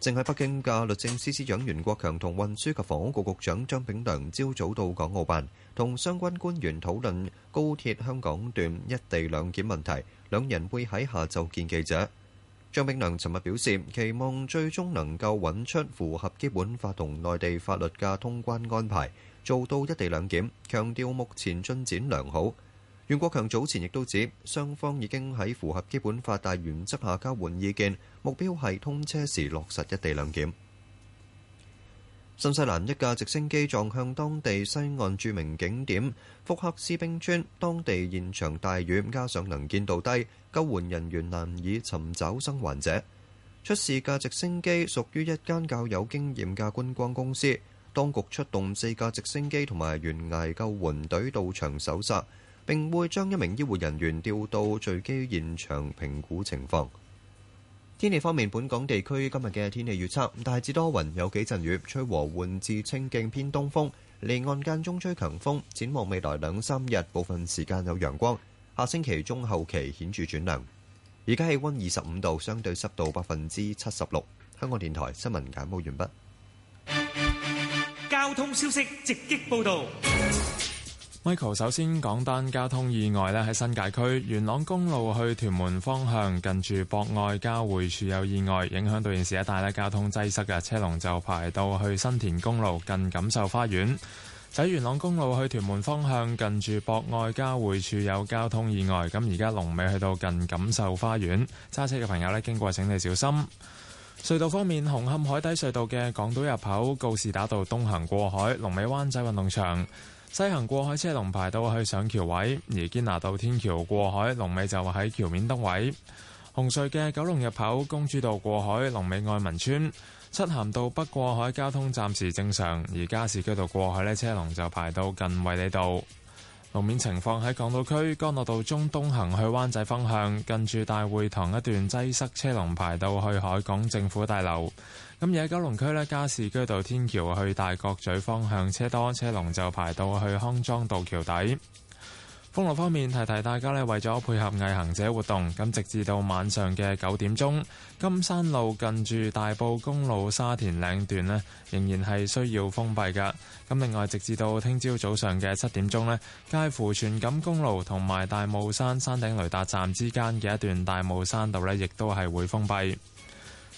正喺北京嘅律政司司長袁國強同運輸及房屋局局長張炳良朝早到港澳辦，同相關官員討論高鐵香港段一地兩檢問題。兩人會喺下晝見記者。張炳良尋日表示，期望最終能夠揾出符合基本法同內地法律嘅通關安排，做到一地兩檢，強調目前進展良好。袁國強早前亦都指，雙方已經喺符合基本法大原則下交換意見，目標係通車時落實一地兩檢。新西蘭一架直升機撞向當地西岸著名景點福克斯冰川，當地現場大雨，加上能見度低，救援人員難以尋找生還者。出事架直升機屬於一間較有經驗嘅觀光公司，當局出動四架直升機同埋懸崖救援隊到場搜索。並會將一名醫護人員調到墜機現場評估情況。天氣方面，本港地區今日嘅天氣預測，大致多雲，有幾陣雨，吹和緩至清勁偏東風，離岸間中吹強風。展望未來兩三日，部分時間有陽光。下星期中後期顯著轉涼。而家氣温二十五度，相對濕度百分之七十六。香港電台新聞簡報完畢。交通消息直擊報道。Michael，首先講單交通意外呢，喺新界區元朗公路去屯門方向，近住博愛交匯處有意外，影響到現時一帶交通擠塞嘅車龍就排到去新田公路近錦繡花園。喺元朗公路去屯門方向，近住博愛交匯處有交通意外，咁而家龍尾去到近錦繡花園，揸車嘅朋友咧，經過請你小心。隧道方面，紅磡海底隧道嘅港島入口告士打道東行過海，龍尾灣仔運動場。西行過海車龍排到去上橋位，而堅拿道天橋過海，龍尾就喺橋面等位。紅隧嘅九龍入口公主道過海，龍尾愛民村。漆鹹道北過海交通暫時正常，而加士居道過海呢車龍就排到近衛理道。路面情況喺港島區，干諾道中東行去灣仔方向，近住大會堂一段擠塞，車龍排到去海港政府大樓。咁而喺九龍區呢，加士居道天橋去大角咀方向車多車龍就排到去康莊道橋底。封路方面，提提大家呢，為咗配合毅行者活動，咁直至到晚上嘅九點鐘，金山路近住大埔公路沙田嶺段呢，仍然係需要封閉㗎。咁另外，直至到聽朝早，早上嘅七點鐘呢，介乎荃錦公路同埋大帽山山頂雷達站之間嘅一段大帽山道呢，亦都係會封閉。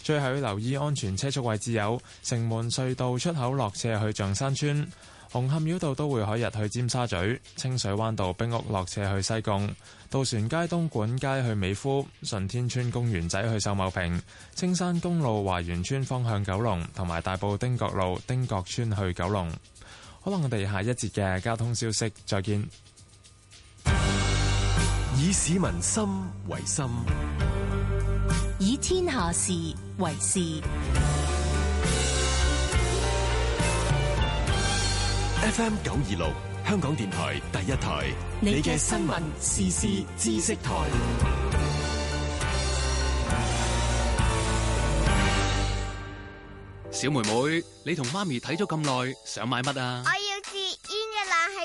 最後要留意安全車速位置，有城門隧道出口落斜去象山邨、紅磡繞道都會可入去尖沙咀、清水灣道冰屋落斜去西貢、渡船街東莞街去美孚、順天村公園仔去秀茂坪、青山公路華園村方向九龍同埋大埔丁角路丁角村去九龍。可能我哋下一節嘅交通消息再見。以市民心為心。以天下事為事。FM 九二六，香港電台第一台，你嘅新聞時事知識台。小妹妹，你同媽咪睇咗咁耐，想買乜啊？我要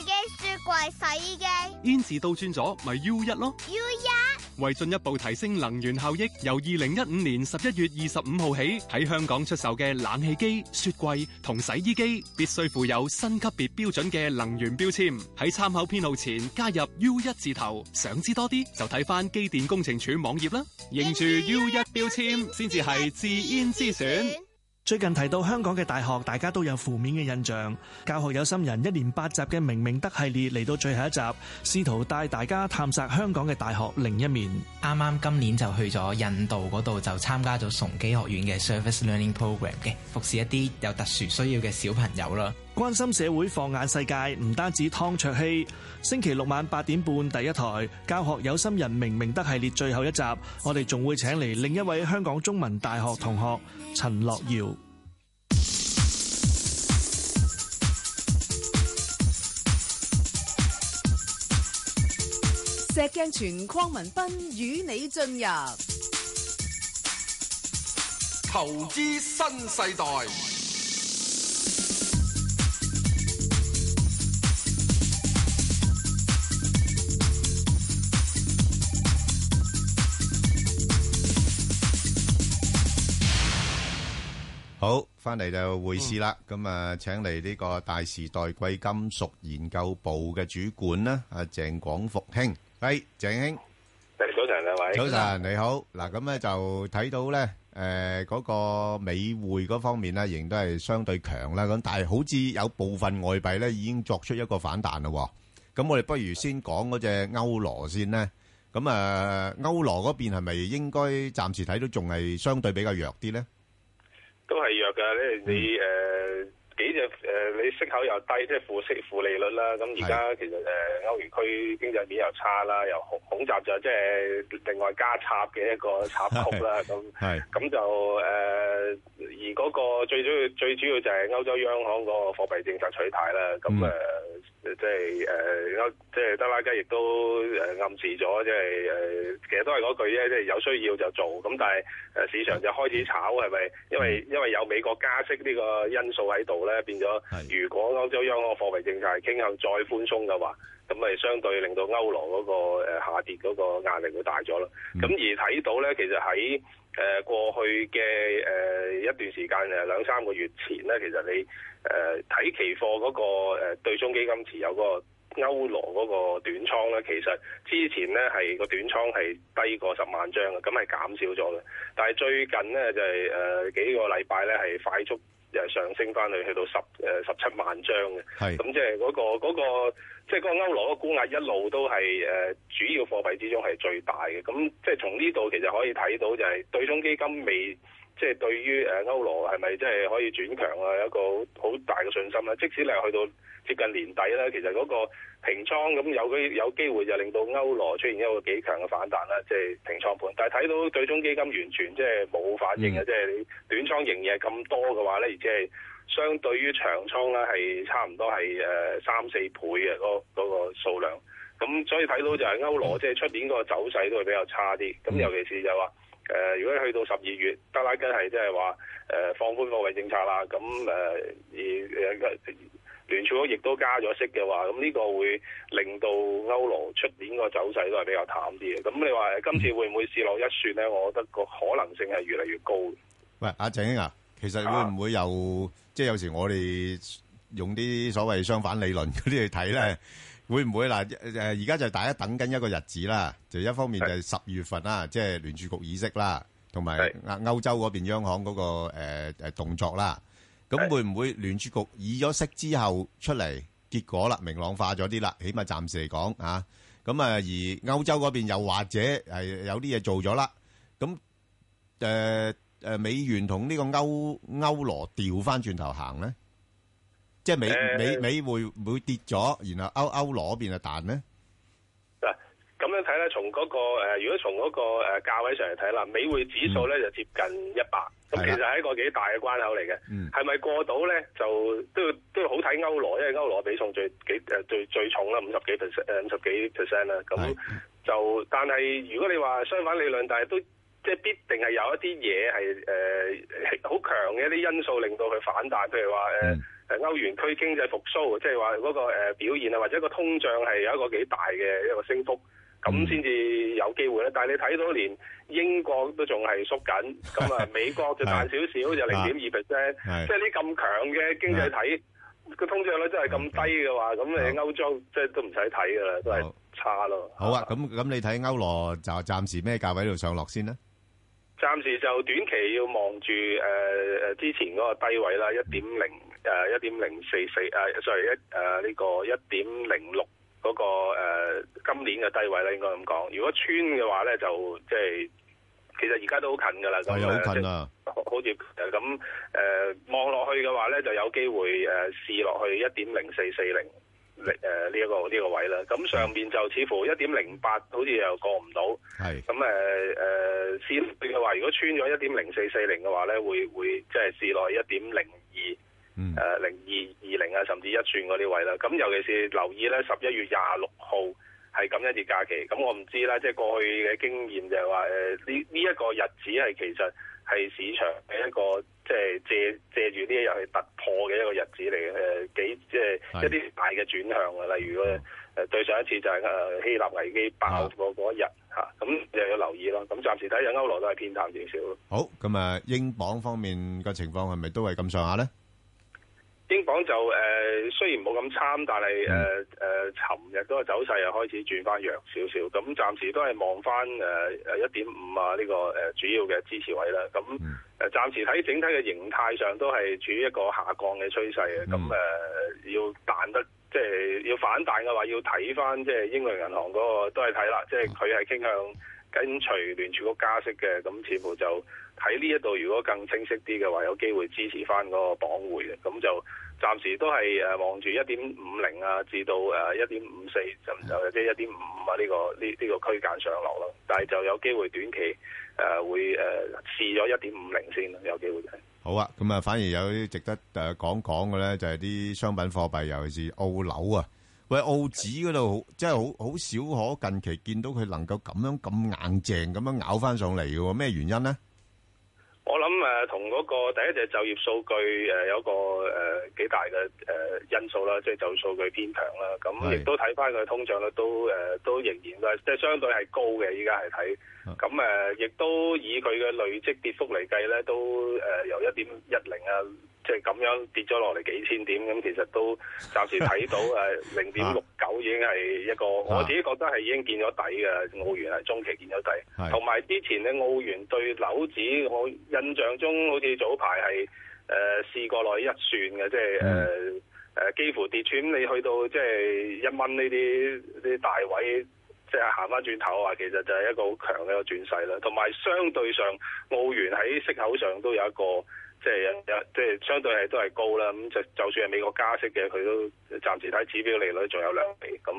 嘅雪櫃、洗衣機，N 字倒轉咗咪 U 一咯。U 一為進一步提升能源效益，由二零一五年十一月二十五號起，喺香港出售嘅冷氣機、雪櫃同洗衣機，必須附有新級別標準嘅能源標籤。喺參考編號前加入 U 一字頭，想知多啲就睇翻機電工程署網頁啦。認住 U 一標籤先至係智煙之選。最近提到香港嘅大學，大家都有負面嘅印象。教學有心人一連八集嘅明明德系列嚟到最後一集，試圖帶大家探索香港嘅大學另一面。啱啱今年就去咗印度嗰度，就參加咗崇基學院嘅 Service Learning Program 嘅，服侍一啲有特殊需要嘅小朋友啦。關心社會、放眼世界，唔單止湯卓熙。星期六晚八點半，第一台《教學有心人明明德》系列最後一集，我哋仲會請嚟另一位香港中文大學同學陳樂堯。石鏡泉、鄺民彬與你進入投資新世代。翻嚟就會試啦，咁啊請嚟呢個大時代貴金屬研究部嘅主管啦，阿鄭廣福兄，喂，鄭兄，早晨兩位，早晨你好。嗱咁咧就睇到咧，誒嗰個美匯嗰方面咧，仍然都係相對強啦。咁但係好似有部分外幣咧已經作出一個反彈咯。咁我哋不如先講嗰隻歐羅先咧。咁啊歐羅嗰邊係咪應該暫時睇到仲係相對比較弱啲咧？都係弱㗎，咧，你誒。Mm. 呃即係誒，你息口又低，即係負息負利率啦。咁而家其實誒，歐元區經濟面又差啦，又恐襲，就即、是、係另外加插嘅一個插曲啦。咁咁就誒、呃，而嗰個最主要最主要就係歐洲央行個貨幣政策取態啦。咁誒，即係誒歐，即、呃、係、就是呃就是、德拉吉亦都誒暗示咗，即係誒，其實都係嗰句啫，即、就、係、是、有需要就做。咁但係誒市場就開始炒，係咪？因為因為有美國加息呢個因素喺度咧。變咗，如果歐洲央行貨幣政策傾向再寬鬆嘅話，咁咪相對令到歐羅嗰個下跌嗰個壓力會大咗咯。咁、嗯、而睇到咧，其實喺過去嘅一段時間誒兩三個月前咧，其實你誒睇期貨嗰個誒對沖基金持有個歐羅嗰個短倉咧，其實之前咧係個短倉係低過十萬張嘅，咁係減少咗嘅。但係最近咧就係誒幾個禮拜咧係快速，又上升翻去去到十誒十七萬張嘅，咁即係嗰個嗰即係嗰個歐羅沽壓一路都係誒、呃、主要貨幣之中係最大嘅，咁即係從呢度其實可以睇到就係對沖基金未即係、就是、對於誒歐羅係咪即係可以轉強啊，有一個好大嘅信心啦，即使你去到，接近年底咧，其實嗰個平倉咁有機有機會就令到歐羅出現一個幾強嘅反彈啦，即係平倉盤。但係睇到對沖基金完全即係冇反應嘅，即、嗯、係、就是、你短倉營業咁多嘅話咧，而且係相對於長倉咧係差唔多係誒、呃、三四倍嘅嗰嗰個數量。咁所以睇到就係歐羅即係出年嗰個走勢都會比較差啲。咁尤其是就話誒、呃，如果去到十二月德拉吉係即係話誒放寬貨幣政策啦，咁誒、呃、而，而聯儲局亦都加咗息嘅話，咁呢個會令到歐羅出年個走勢都係比較淡啲嘅。咁你話今次會唔會試落一算咧？我覺得個可能性係越嚟越高。喂，阿鄭英啊，其實會唔會有、啊、即係有時我哋用啲所謂相反理論嗰啲去睇咧？會唔會？嗱，誒，而家就大家等緊一個日子啦，就一方面就係十月份啦，即係、就是、聯儲局議息啦，同埋歐洲嗰邊央行嗰、那個誒誒、呃、動作啦。咁會唔會聯儲局議咗息之後出嚟結果啦，明朗化咗啲啦，起碼暫時嚟講啊。咁啊，而歐洲嗰邊又或者係有啲嘢做咗啦。咁誒誒，美元同呢個歐歐羅調翻轉頭行咧，即係美美美會唔會跌咗，然後歐歐羅嗰邊啊彈咧？咁樣睇咧，從嗰、嗰個、呃、如果從嗰、嗰個誒、呃、價位上嚟睇啦，美匯指數咧、嗯、就接近一百、嗯，咁其實係一個幾大嘅關口嚟嘅。係、嗯、咪過到咧，就都都好睇歐羅，因為歐羅比重最幾誒最最重啦，五十幾 percent 誒五十幾 percent 啦。咁就但係如果你話相反理論，但係都即係必定係有一啲嘢係誒好強嘅一啲因素令到佢反彈，譬如話誒誒歐元區經濟復甦，即係話嗰個、呃、表現啊，或者個通脹係有一個幾大嘅一個升幅。咁先至有機會咧，但係你睇到連英國都仲係縮緊，咁啊美國就慢少少， *laughs* 就零點二 percent，即係呢咁強嘅經濟體個通脹率真係咁低嘅話，咁、okay. 你歐洲即係都唔使睇噶啦，都係差咯。好啊，咁咁你睇歐羅就暫時咩價位度上落先呢？暫時就短期要望住誒誒之前嗰個低位啦，一點零誒一點零四四誒，sorry 一誒呢個一點零六。嗰個誒今年嘅低位咧，應該咁講。如果穿嘅話咧，就即係其實而家都好近噶啦，就好近啊，好似咁誒望落去嘅話咧，就有機會誒試落去一點零四四零零誒呢一個呢個位啦。咁上面就似乎一點零八好似又過唔到，係咁誒誒試嘅話，如果穿咗一點零四四零嘅話咧，會會即係試落去一點零二。嗯，零二二零啊，甚至一串嗰啲位啦。咁尤其是留意咧，十一月廿六號係感恩節假期。咁我唔知啦，即係過去嘅經驗就係話呢呢一個日子係其實係市場嘅一個即係借借住呢一日去突破嘅一個日子嚟嘅。幾即係、呃、一啲大嘅轉向例如誒、哦、對上一次就係希臘危機爆嗰嗰一日咁又要留意咯。咁暫時睇下歐羅都係偏淡少少咯。好，咁啊，英鎊方面嘅情況係咪都係咁上下咧？英鎊就誒、呃、雖然冇咁參，但係誒誒，尋、呃呃、日嗰個走勢又開始轉翻弱少少，咁暫時都係望翻誒一點五啊呢、呢個、呃、主要嘅支持位啦。咁誒、呃、暫時喺整體嘅形態上都係處於一個下降嘅趨勢，咁誒、呃、要打。即係要反彈嘅話，要睇翻即係英倫銀行嗰個都係睇啦。即係佢係傾向緊隨聯儲局加息嘅，咁似乎就喺呢一度，如果更清晰啲嘅話，有機會支持翻嗰個磅匯嘅。咁就暫時都係誒望住一點五零啊，至到誒一點五四甚至或者一點五五啊呢個呢呢個區間上落咯。但係就有機會短期誒、呃、會誒、呃、試咗一點五零先有機會嘅。好啊，咁啊，反而有啲值得誒、呃、講講嘅咧，就係、是、啲商品貨幣，尤其是澳紐啊，喂，澳紙嗰度，即係好好少可近期見到佢能夠咁樣咁硬淨咁樣咬翻上嚟嘅，咩原因咧？我諗誒同嗰個第一隻就業數據誒、啊、有個個幾、呃、幾大嘅誒、呃、因素啦，即係就業數據偏強啦，咁亦都睇翻佢通脹咧，都誒、呃、都仍然都係即係相對係高嘅，依家係睇。咁誒、啊，亦都以佢嘅累積跌幅嚟計，咧，都誒、呃、由一點一零啊，即係咁樣跌咗落嚟幾千點。咁、嗯、其實都暫時睇到誒，零點六九已經係一個我自己覺得係已經見咗底嘅澳元，係中期見咗底。同埋之前咧，澳元，澳元對樓指，我印象中好似早排係誒試過落去一算嘅，即係誒誒幾乎跌穿，你去到即係一蚊呢啲啲大位。即係行翻轉頭啊！其實就係一個好強嘅一個轉勢啦。同埋相對上澳元喺息口上都有一個即係、即係、有即係、即係、相對係都係高啦。咁就就算係美國加息嘅，佢都暫時睇指標利率仲有兩厘，咁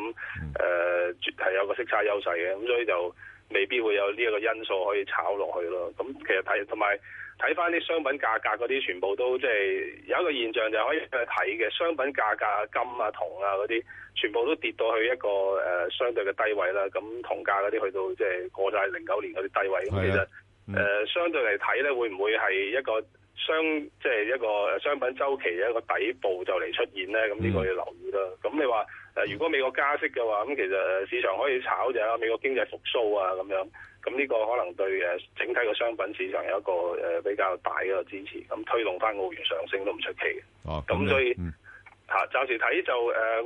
誒係有個息差優勢嘅。咁所以就未必會有呢一個因素可以炒落去咯。咁其實睇同埋。睇翻啲商品價格嗰啲，全部都即係有一個現象就可以去睇嘅。商品價格金啊、銅啊嗰啲，全部都跌到去一個誒相對嘅低位啦。咁銅價嗰啲去到即係過晒零九年嗰啲低位。咁其實誒相對嚟睇咧，會唔會係一個商即係、即係、一個商品周期嘅一個底部就嚟出現咧？咁、嗯、呢、呢個要留意啦。咁你話誒，如果美國加息嘅話，咁其實市場可以炒就係美國經濟復甦啊咁樣。咁、這、呢個可能對整體嘅商品市場有一個比較大嘅支持，咁推動翻澳元上升都唔出奇哦，咁所以吓暫時睇就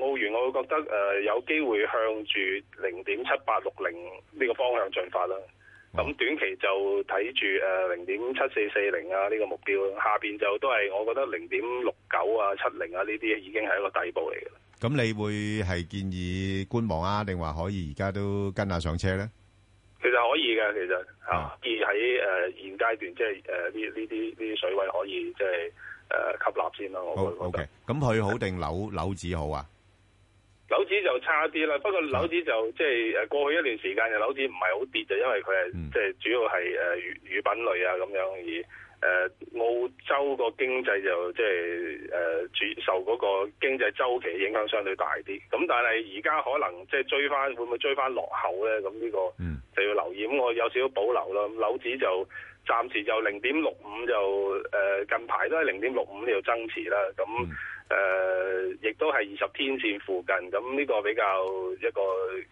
澳元，我會覺得有機會向住零點七八六零呢個方向進發啦。咁、哦、短期就睇住誒零點七四四零啊呢個目標，下邊就都係我覺得零點六九啊、七零啊呢啲已經係一個底部嚟嘅。咁你會係建議觀望啊，定話可以而家都跟下上車咧？其實可以嘅，其實嚇、啊，而喺誒現階段，即係誒呢呢啲呢啲水位可以即係誒、呃、吸納先咯。我覺得。好 OK，咁、嗯、佢好定樓樓子好啊？樓子就差啲啦，不過樓子就即係誒過去一段時間嘅樓子唔係好跌，就因為佢係即係主要係誒乳乳品類啊咁樣而。誒、呃、澳洲個經濟就、就即係呃、受嗰個經濟就即係誒主受嗰個經濟周期影響相對大啲，咁但係而家可能即係、即係、追翻，會唔會追翻落後咧？咁呢個就要留意。咁我有少少保留啦。樓指就暫時就零點六五就誒、呃、近排都係零點六五呢度增持啦。咁誒亦都係二十天線附近。咁呢個比較一個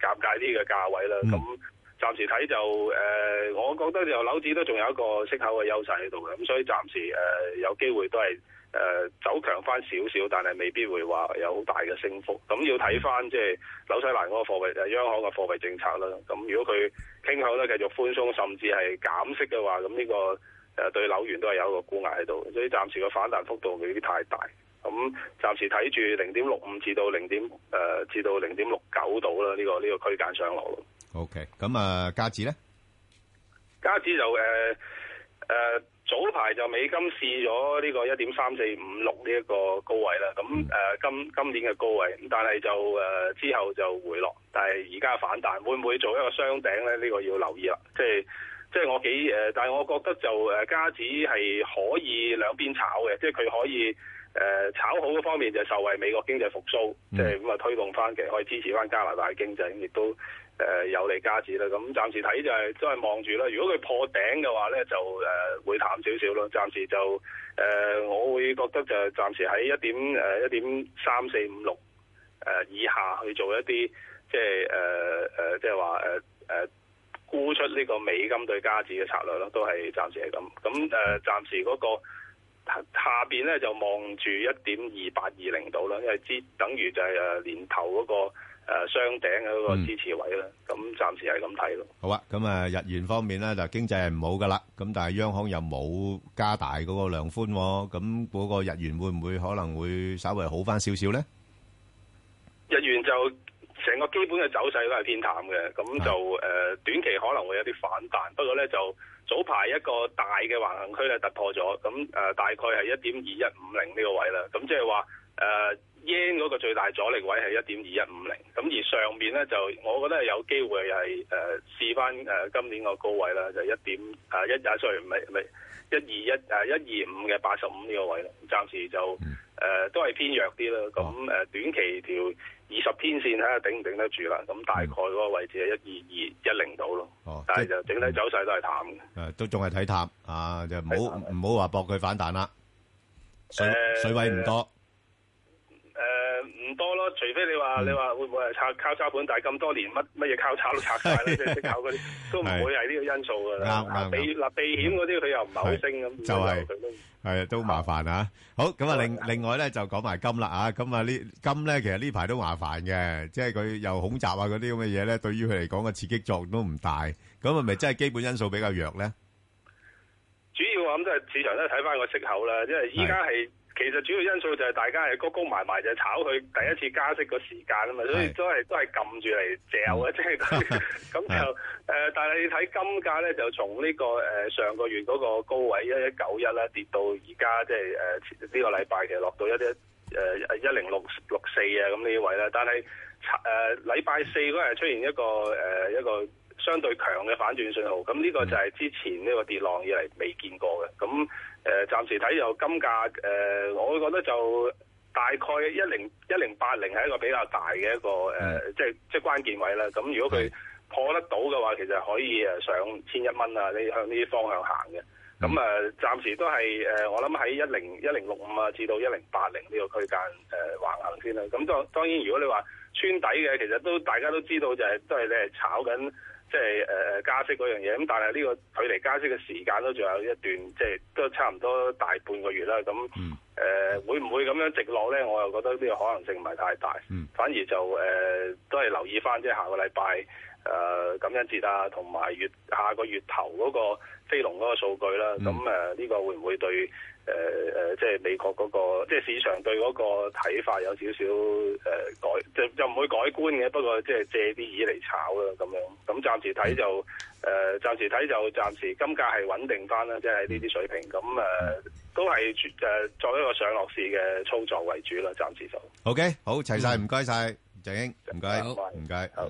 尷尬啲嘅價位啦。咁暫時睇就誒、呃，我覺得就樓指都仲有一個息口嘅優勢喺度嘅，咁所以暫時誒、呃、有機會都係誒、呃、走強翻少少，但係未必會話有好大嘅升幅。咁要睇翻即係紐西蘭嗰個貨幣央行嘅貨幣政策啦。咁如果佢傾向咧繼續寬鬆，甚至係減息嘅話，咁呢、這個誒、呃、對樓元都係有一個估壓喺度。所以暫時嘅反彈幅度未必太大。咁暫時睇住零點六五至到零點誒至到零點六九度啦，呢、這個呢、這個區間上落。O K. 咁啊，加紙咧，加紙就誒誒、呃呃，早排就美金試咗呢個一點三四五六呢一個高位啦。咁誒、呃、今今年嘅高位，咁但係就誒、呃、之後就回落，但係而家反彈，會唔會做一個雙頂咧？呢、這個要留意啦。即係即係我幾誒、呃，但係我覺得就誒加紙係可以兩邊炒嘅，即係佢可以誒、呃、炒好嘅方面就受惠美國經濟復蘇，即係咁啊推動翻其實，可以支持翻加拿大嘅經濟，亦都。誒、呃、有利加紙咧，咁暫時睇就係、是、都係望住啦。如果佢破頂嘅話咧，就誒、呃、會淡少少咯。暫時就誒、呃，我會覺得就係暫時喺一點誒一、呃、點三四五六誒以下去做一啲即係誒誒，即係話誒誒沽出呢個美金對加紙嘅策略咯，都係暫時係咁。咁誒、呃，暫時嗰、那個下邊咧就望住一點二八二零度啦，因為之等於就係誒年頭嗰、那個。誒雙頂嘅嗰個支持位啦，咁暫時係咁睇咯。好啊，咁啊日元方面咧就經濟係唔好噶啦，咁但係央行又冇加大嗰個量寬喎，咁嗰個日元會唔會可能會稍微好翻少少咧？日元就成個基本嘅走勢都係偏淡嘅，咁就誒短期可能會有啲反彈，不過咧就早排一個大嘅橫行區咧突破咗，咁誒大概係一點二一五零呢個位啦，咁即係話誒。y e 嗰個最大阻力位係一點二一五零，咁而上面咧就我覺得係有機會係誒、呃、試翻誒今年個高位啦，就一、是、點誒一廿雖然唔係唔係一二一誒一二五嘅八十五呢個位咯，暫時就誒、呃、都係偏弱啲啦，咁、嗯、誒、哦、短期跳二十天線睇下頂唔頂得住啦，咁大概嗰個位置係一二二一零度咯，但係就整體走勢都係淡嘅，誒都仲係睇淡啊，就冇唔好話搏佢反彈啦，水、呃、水位唔多。誒、呃，唔多咯，除非你話、嗯、你話會唔會係抄交叉盤？但係咁多年乜乜嘢交叉都拆晒啦，即係息口嗰啲都唔會係呢個因素噶。嗱，避嗱避險嗰啲佢又唔係好升咁，就係係啊，都麻煩啊。好，咁啊，另另外咧就講埋金啦啊。咁啊，呢金咧其實呢排都麻煩嘅，即係佢又恐襲啊嗰啲咁嘅嘢咧，對於佢嚟講個刺激作用都唔大。咁啊，係咪真係基本因素比較弱咧。主要我諗都係市場都係睇翻個息口啦，因為依家係。其實主要因素就係大家係高高埋埋，就是，炒佢第一次加息個時間啊嘛，所以都係都係撳住嚟嚼啊，即係咁就誒、是那個 *laughs* *laughs* 呃。但係你睇金價咧，就從呢、這個誒、呃、上個月嗰個高位一一九一咧，跌到而家即係誒呢個禮拜其實落到一啲誒一零六六四啊咁呢位啦。但係誒禮拜四嗰日出現一個誒、呃、一個相對強嘅反轉信號，咁呢個就係之前呢個跌浪以嚟未見過嘅咁。誒、呃，暫時睇就金價，誒、呃，我覺得就大概一零一零八零係一個比較大嘅一個誒，即係即係關鍵位啦。咁如果佢破得到嘅話，其實可以上千一蚊啊，你向呢啲方向行嘅。咁、嗯、啊，暫時都係誒、呃，我諗喺一零一零六五啊至到一零八零呢個區間誒、呃、橫行先啦。咁當當然，如果你話穿底嘅，其實都大家都知道就係、是、都係你係炒緊。即係誒加息嗰樣嘢，咁但係呢個距離加息嘅時間都仲有一段，即係都差唔多大半個月啦。咁誒、嗯呃、會唔會咁樣直落咧？我又覺得呢個可能性唔係太大。嗯、反而就誒、呃、都係留意翻，即係下個禮拜，誒感恩節啊，同埋月下個月頭嗰個飛龍嗰個數據啦。咁誒呢個會唔會對誒即係美國嗰、嗰個即係、即係、市場對嗰個睇法有少少誒、呃、改，就唔會改觀嘅。不過即係借啲意嚟炒啦，咁樣咁暫時睇就誒、嗯呃，暫時睇就暫時金價係穩定翻啦，即係呢啲水平。咁、嗯、誒、呃、都係作再一個上落市嘅操作為主啦。暫時就 OK，好齊晒。唔該晒，鄭英，唔該，唔該，好。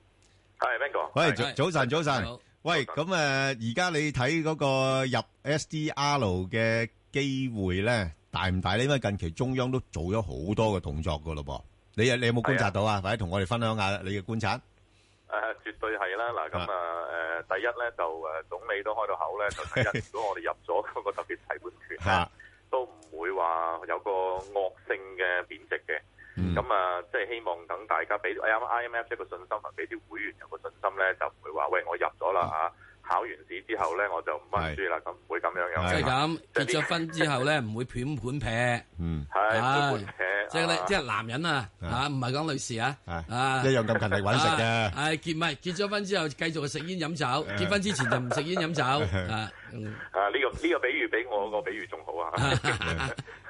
係邊個？喂，早晨、yes.，早晨。Hello. 喂，咁誒，而、呃、家你睇嗰個入 SDR 嘅機會咧，大唔大呢？因為近期中央都做咗好多嘅動作噶咯噃。你有你有冇觀察到、yes. 啊？或者同我哋分享下你嘅觀察？誒、啊，絕對係啦。嗱，咁啊，誒，第一咧就誒，總理都開到口咧，就第一 *laughs* 如果我哋入咗嗰個特別提款權、yes. 啊、都唔會話有個惡性嘅貶值嘅。咁啊，即係希望等大家俾，I M I M F，即係個信心，同俾啲會員有個信心咧，就唔會話喂，我入咗啦嚇，考完試之後咧我就唔返書啦，咁唔會咁樣樣。即係咁結咗婚之後咧，唔會半盤撇。嗯，係半盤撇。即係咧，即係男人啊嚇，唔係講女士啊，啊一樣咁勤力揾食嘅。係結唔係結咗婚之後繼續食煙飲酒，結婚之前就唔食煙飲酒啊。啊呢個呢個比喻比我個比喻仲好啊。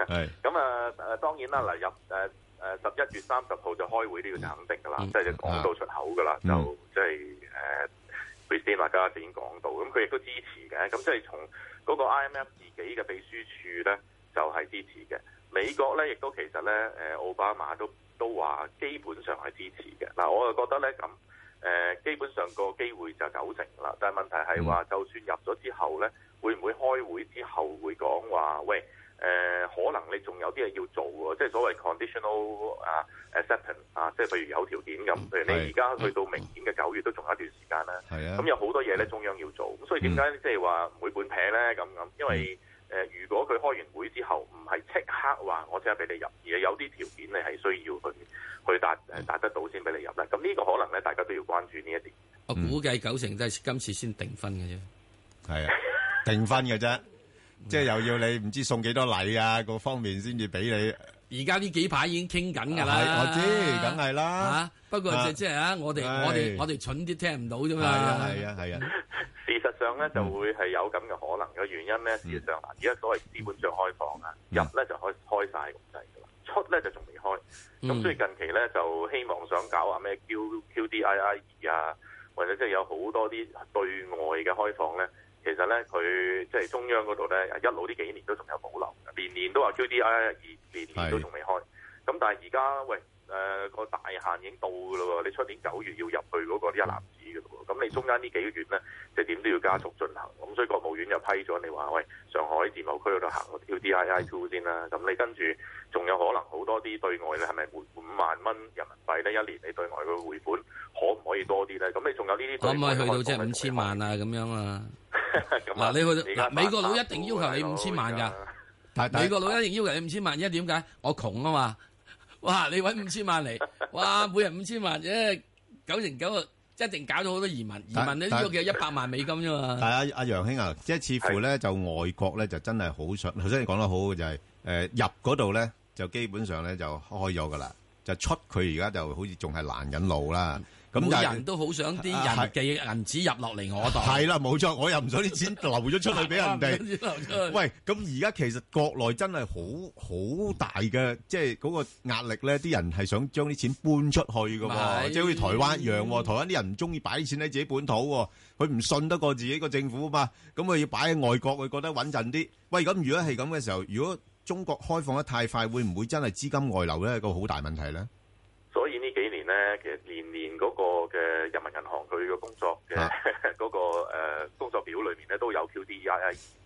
係咁啊，當然啦，嗱入誒。誒十一月三十號就開會呢個就肯定㗎啦，即係講到出口㗎啦，嗯，就即係誒，主席拉加德已經講到，咁佢亦都支持嘅，咁即係從嗰個 IMF 自己嘅秘書處咧，就係、是、支持嘅。美國咧亦都其實咧，誒奧巴馬都都話基本上係支持嘅。嗱，我就覺得咧咁誒，基本上個機會就九成啦。但係問題係話，就算入咗之後咧，會唔會開會之後會講話喂？誒、呃、可能你仲有啲嘢要做喎，即係所謂 conditional 啊、uh，acceptance 啊，即係譬如有條件咁。譬如你而家去到明年嘅九月都仲有一段時間啦。啊，咁有好多嘢咧，中央要做。咁、啊、所以點解、嗯、即係話唔會本劈咧咁咁？因為誒、嗯呃，如果佢開完會之後唔係即刻話我即刻俾你入，而係有啲條件你係需要去去達、啊、達得到先俾你入啦。咁呢個可能咧，大家都要關注呢一點。我估計九成都係今次先定分嘅啫。係啊，定分嘅啫。 *laughs* 嗯、即係又要你唔知送幾多禮啊，各方面先至俾你。而家呢幾排已經傾緊㗎啦，我知，梗係啦。嚇，不過即即係啊，我哋我哋我哋蠢啲聽唔到啫嘛。係啊係啊，事實上咧就會係有咁嘅可能嘅、嗯、原因咧。事實上而家所謂資本上開放啊，入咧就開開晒咁滯㗎啦，出咧就仲未開。咁、嗯、所以近期咧就希望想搞啊咩 Q QDII 啊，或者即係有好多啲對外嘅開放咧。其實咧，佢即係中央嗰度咧，一路呢幾年都仲有保留，年年都話 QDII 二，年年都仲未開。咁但係而家喂。誒、呃，那個大限已經到㗎咯喎，你出年九月要入去嗰個一籃子㗎咯喎，咁你中間幾個呢幾個月咧，就點都要加速進行，咁所以國務院就批咗你話喂，上海自貿區嗰度行 QDII Two 先啦，咁你跟住仲有可能好多啲對外咧，係咪匯五萬蚊人民幣咧一年？你對外嘅匯款可唔可以多啲咧？咁你仲有呢啲？可唔可以去到即係五千萬啊？咁樣啊？咁啊？你去美國佬一定要求你五千萬㗎，美國佬一定要求你五千萬，因為點解？我窮啊嘛！哇！你搵五千萬嚟，哇！每人五千萬，九成九啊，一定搞到好多移民。移民呢都叫一百萬美金啫嘛。係啊，阿楊兄啊，即係似乎咧就外國咧就真係好想，頭先你講得好就係、誒、入嗰度咧就基本上咧就開咗㗎啦，就出佢而家就好似仲係難引路啦。嗯個人都好想啲人嘅銀紙入落嚟我度，係啦，冇錯，我又唔想啲錢流咗出去俾人哋。喂，咁而家其實國內真係好好大嘅，即係嗰個壓力咧，啲人係想將啲錢搬出去嘅，即係好似台灣一樣。台灣啲人唔中意擺錢喺自己本土，佢唔信得過自己個政府啊嘛，咁佢要擺喺外國，佢覺得穩陣啲。喂，咁如果係咁嘅時候，如果中國開放得太快，會唔會真係資金外流咧？係個好大問題咧。呢幾年咧，其實年年嗰個嘅人民銀行佢嘅工作嘅嗰、啊 *laughs* 嗰個誒、呃、工作表裏面咧都有 QDII，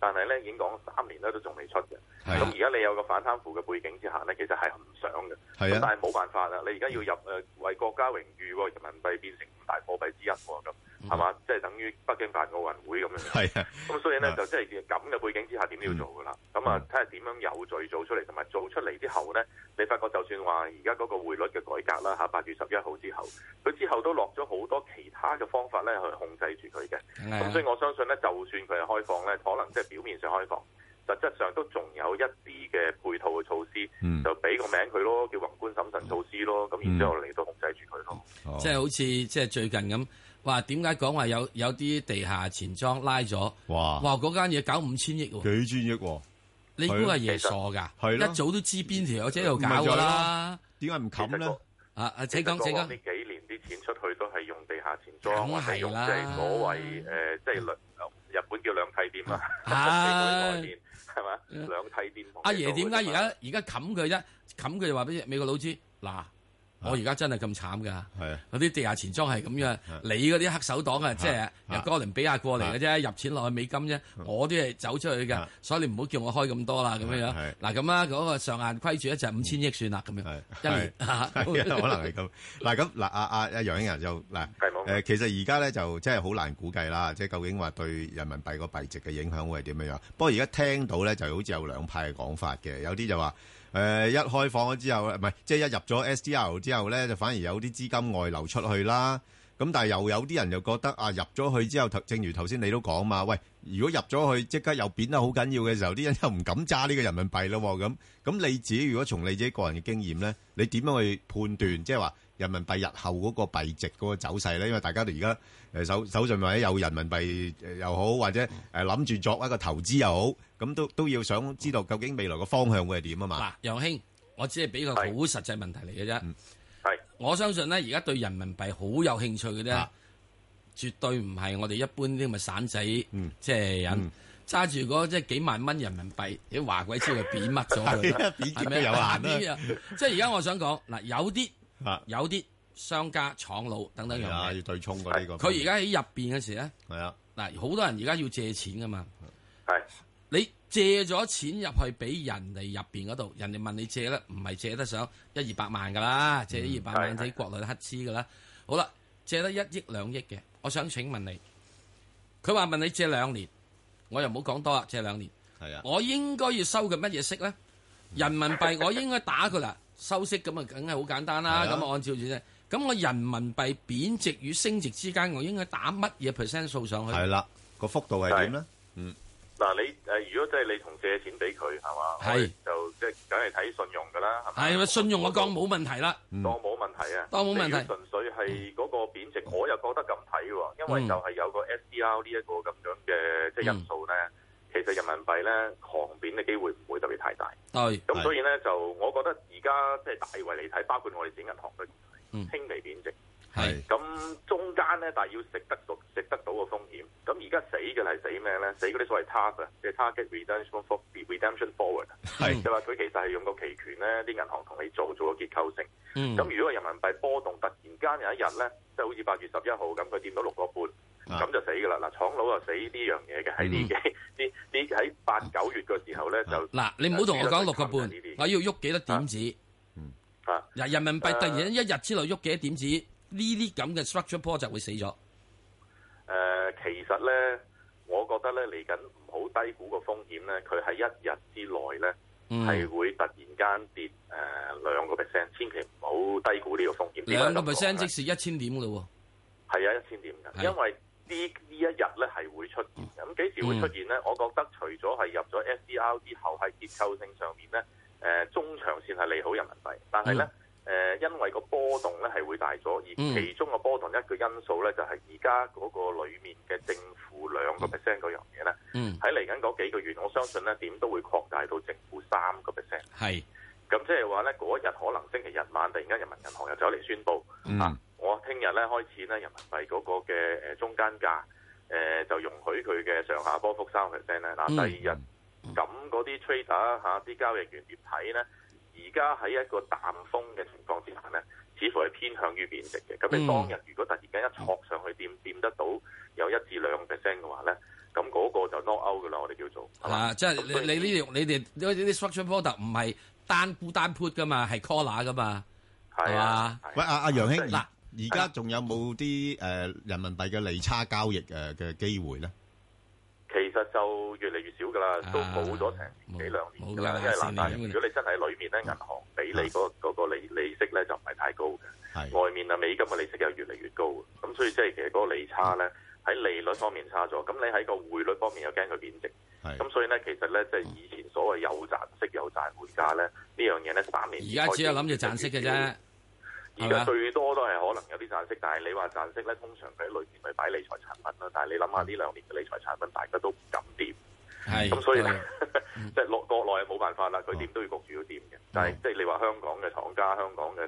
但係咧已經講三年咧都仲未出嘅。咁而家你有個反貪腐嘅背景之下咧，其實係唔想嘅。咁但係冇辦法啦，你而家要入誒為國家榮譽，人民幣變成五大貨幣之一咁。嗯係嘛？即 *noise* 係、就是、等於北京辦奧運會咁樣。係咁、啊、所以咧、啊，就即係咁嘅背景之下，點都要做㗎啦。咁、嗯、啊，睇下點樣有序做出嚟，同埋做出嚟之後咧，你發覺就算話而家嗰個匯率嘅改革啦，嚇八月十一號之後，佢之後都落咗好多其他嘅方法咧去控制住佢嘅。咁、啊、所以我相信咧，就算佢係開放咧，可能即係表面上開放，實質上都仲有一啲嘅配套嘅措施，嗯、就俾個名佢咯，叫宏觀審慎措施咯。咁、嗯、然之後嚟到控制住佢咯。即係好似即係最近咁。話點解講話有有啲地下錢莊拉咗？哇！哇嗰間嘢搞五千億喎、啊！幾千億、啊？你估阿爺傻噶？係一早都知邊條友喺度搞㗎啦？點解唔冚咧？啊、那個！阿請講請講！幾年啲錢出去都係用地下錢莊，或者用即所謂誒，即、啊、係日本叫兩替店啊？係、啊、嘛？兩替店同阿爺點解而家而家冚佢啫？冚佢就話俾美國佬知嗱？啊我而家真係咁慘噶，嗰啲地下錢莊係咁樣，你嗰啲黑手黨啊，即係由哥倫比亞過嚟嘅啫，入錢落去美金啫，我都係走出去嘅，所以你唔好叫我開咁多啦，咁樣嗱咁啊，嗰、那個上限規住咧就係五千億算啦，咁、嗯、樣一年。 *laughs* 可能係咁。嗱咁嗱阿阿楊英仁就嗱、呃、其實而家咧就真係好難估計啦，即係究竟話對人民幣個幣值嘅影響會係點樣樣。不過而家聽到咧就好似有兩派講法嘅，有啲就話。誒、呃、一開放咗之後，唔係即係一入咗 SDR 之後咧，就反而有啲資金外流出去啦。咁但係又有啲人又覺得啊，入咗去之後，正如頭先你都講嘛，喂，如果入咗去即刻又貶得好緊要嘅時候，啲人又唔敢揸呢個人民幣咯。咁咁你自己如果從你自己個人嘅經驗咧，你點樣去判斷即係話人民幣日後嗰個幣值嗰個走勢咧？因為大家都而家。誒，手手上，或者有人民幣又好，或者誒諗住作一個投資又好，咁都都要想知道究竟未來嘅方向會係點啊嘛？楊兄，我只係俾個好實際問題嚟嘅啫。係我相信咧，而家對人民幣好有興趣嘅啫，絕對唔係我哋一般啲咁嘅散仔，即、嗯、係、就是、人揸住嗰即係幾萬蚊人民幣，你話鬼知佢貶乜咗？係咩？有限即係而家我想講，嗱，有啲，有啲。商家、廠佬等等樣嘢，要對沖嗰呢咁。佢而家喺入邊嘅時咧，係啊，嗱，好多人而家要借錢噶嘛，係。你借咗錢入去俾人哋入邊嗰度，人哋問你借咧，唔係借得上一二百萬噶啦，借一二百萬喺國內黑資噶啦。好啦，借得一億兩億嘅，我想請問你，佢話問你借兩年，我又唔好講多啊，借兩年，係啊，我應該要收佢乜嘢息咧？人民幣我應該打佢啦，收息咁啊，梗係好簡單啦，咁啊，按照住啫。咁我人民幣貶值與升值之間，我應該打乜嘢 percent 數上去？係啦，個幅度係點咧？嗯，嗱你、呃、如果即係你同借錢俾佢係嘛？係就即係梗係睇信用噶啦，係咪？係咪信用我講冇問題啦，當冇問題啊，當冇問題。問題純粹係嗰個貶值、嗯，我又覺得咁睇喎，因為就係有個 SDR 呢一個咁樣嘅即係因素咧，其實人民幣咧狂貶嘅機會唔會特別太大。係咁，所以咧就我覺得而家即係大圍嚟睇，包括我哋整銀行都。輕微貶值，係、嗯、咁中間咧，但係要食得到食得到個風險。咁而家死嘅係死咩咧？死嗰啲所謂 t a 即係 redemption for e d e m p t i o n forward，係、嗯、就話、是、佢其實係用個期權咧，啲銀行同你做做個結構性。咁、嗯、如果個人民幣波動突然間有一呢日咧，即係好似八月十一號咁，佢跌到六個半，咁、啊、就死噶啦。嗱，廠佬又死呢樣嘢嘅喺呢幾呢呢喺八九月嘅時候咧、啊、就嗱、啊，你唔好同我講六個半，我要喐幾多點子？啊嗱，人民幣突然一日之內喐幾多點子，呢啲咁嘅 structure p o 破就會死咗。誒、呃，其實咧，我覺得咧嚟緊唔好低估個風險咧，佢喺一日之內咧係會突然間跌誒兩個 percent，千祈唔好低估呢個風險。兩個 percent 即是一千點噶喎。係啊，一千點嘅，因為一呢呢一日咧係會出現嘅。咁、嗯、幾時會出現咧、嗯？我覺得除咗係入咗 S D R 之後，喺結構性上面咧。誒、呃、中長線係利好人民幣，但係咧誒，因為個波動咧係會大咗，而其中個波動一個因素咧就係而家嗰個裡面嘅正負兩個 percent 嗰樣嘢咧，喺嚟緊嗰幾個月，我相信咧點都會擴大到正負三個 percent。係，咁即係話咧嗰日可能星期日晚突然間人民銀行又走嚟宣佈，mm. 啊，我聽日咧開始咧人民幣嗰個嘅中間價誒、呃、就容許佢嘅上下波幅三個 percent 咧，嗱，第二日、mm.。咁嗰啲 trader 吓啲交易員嚟睇咧，而家喺一個淡風嘅情況之下咧，似乎係偏向於貶值嘅。咁你當日如果突然間一戳上去，點掂得到有一至兩 percent 嘅話咧，咁嗰個就 no out 噶啦，我哋叫做係、啊、嘛？即係你你呢？你哋因為啲 structure product 唔係單沽單 put 噶嘛，係 call 拿噶嘛，係啊。喂，阿、啊、阿楊兄，嗱、啊，而家仲有冇啲、呃、人民幣嘅利差交易嘅、呃、機會咧？就越嚟越少㗎啦、啊，都冇咗成年幾兩年㗎啦。因為加拿大，如果你真係喺裏面咧、嗯，銀行俾你嗰嗰、嗯嗰個利利息咧就唔係太高嘅、嗯。外面啊美金嘅利息又越嚟越高，咁、嗯、所以即係其實嗰個利差咧喺、嗯、利率方面差咗。咁你喺個匯率方面又驚佢貶值，咁、嗯、所以咧其實咧即係以前所謂有賺息有賺匯價咧呢、嗯、樣嘢咧三年而家只係諗住賺息嘅啫。而家最多都係可能有啲賺息，但係你話賺息咧，通常佢喺裏邊咪擺理財產品啦。但係你諗下呢兩年嘅理財產品，大家都唔敢掂，係，咁所以咧，即係落國內冇辦法啦，佢點都要焗住要掂嘅、哦。但係即係你話香港嘅廠家，香港嘅。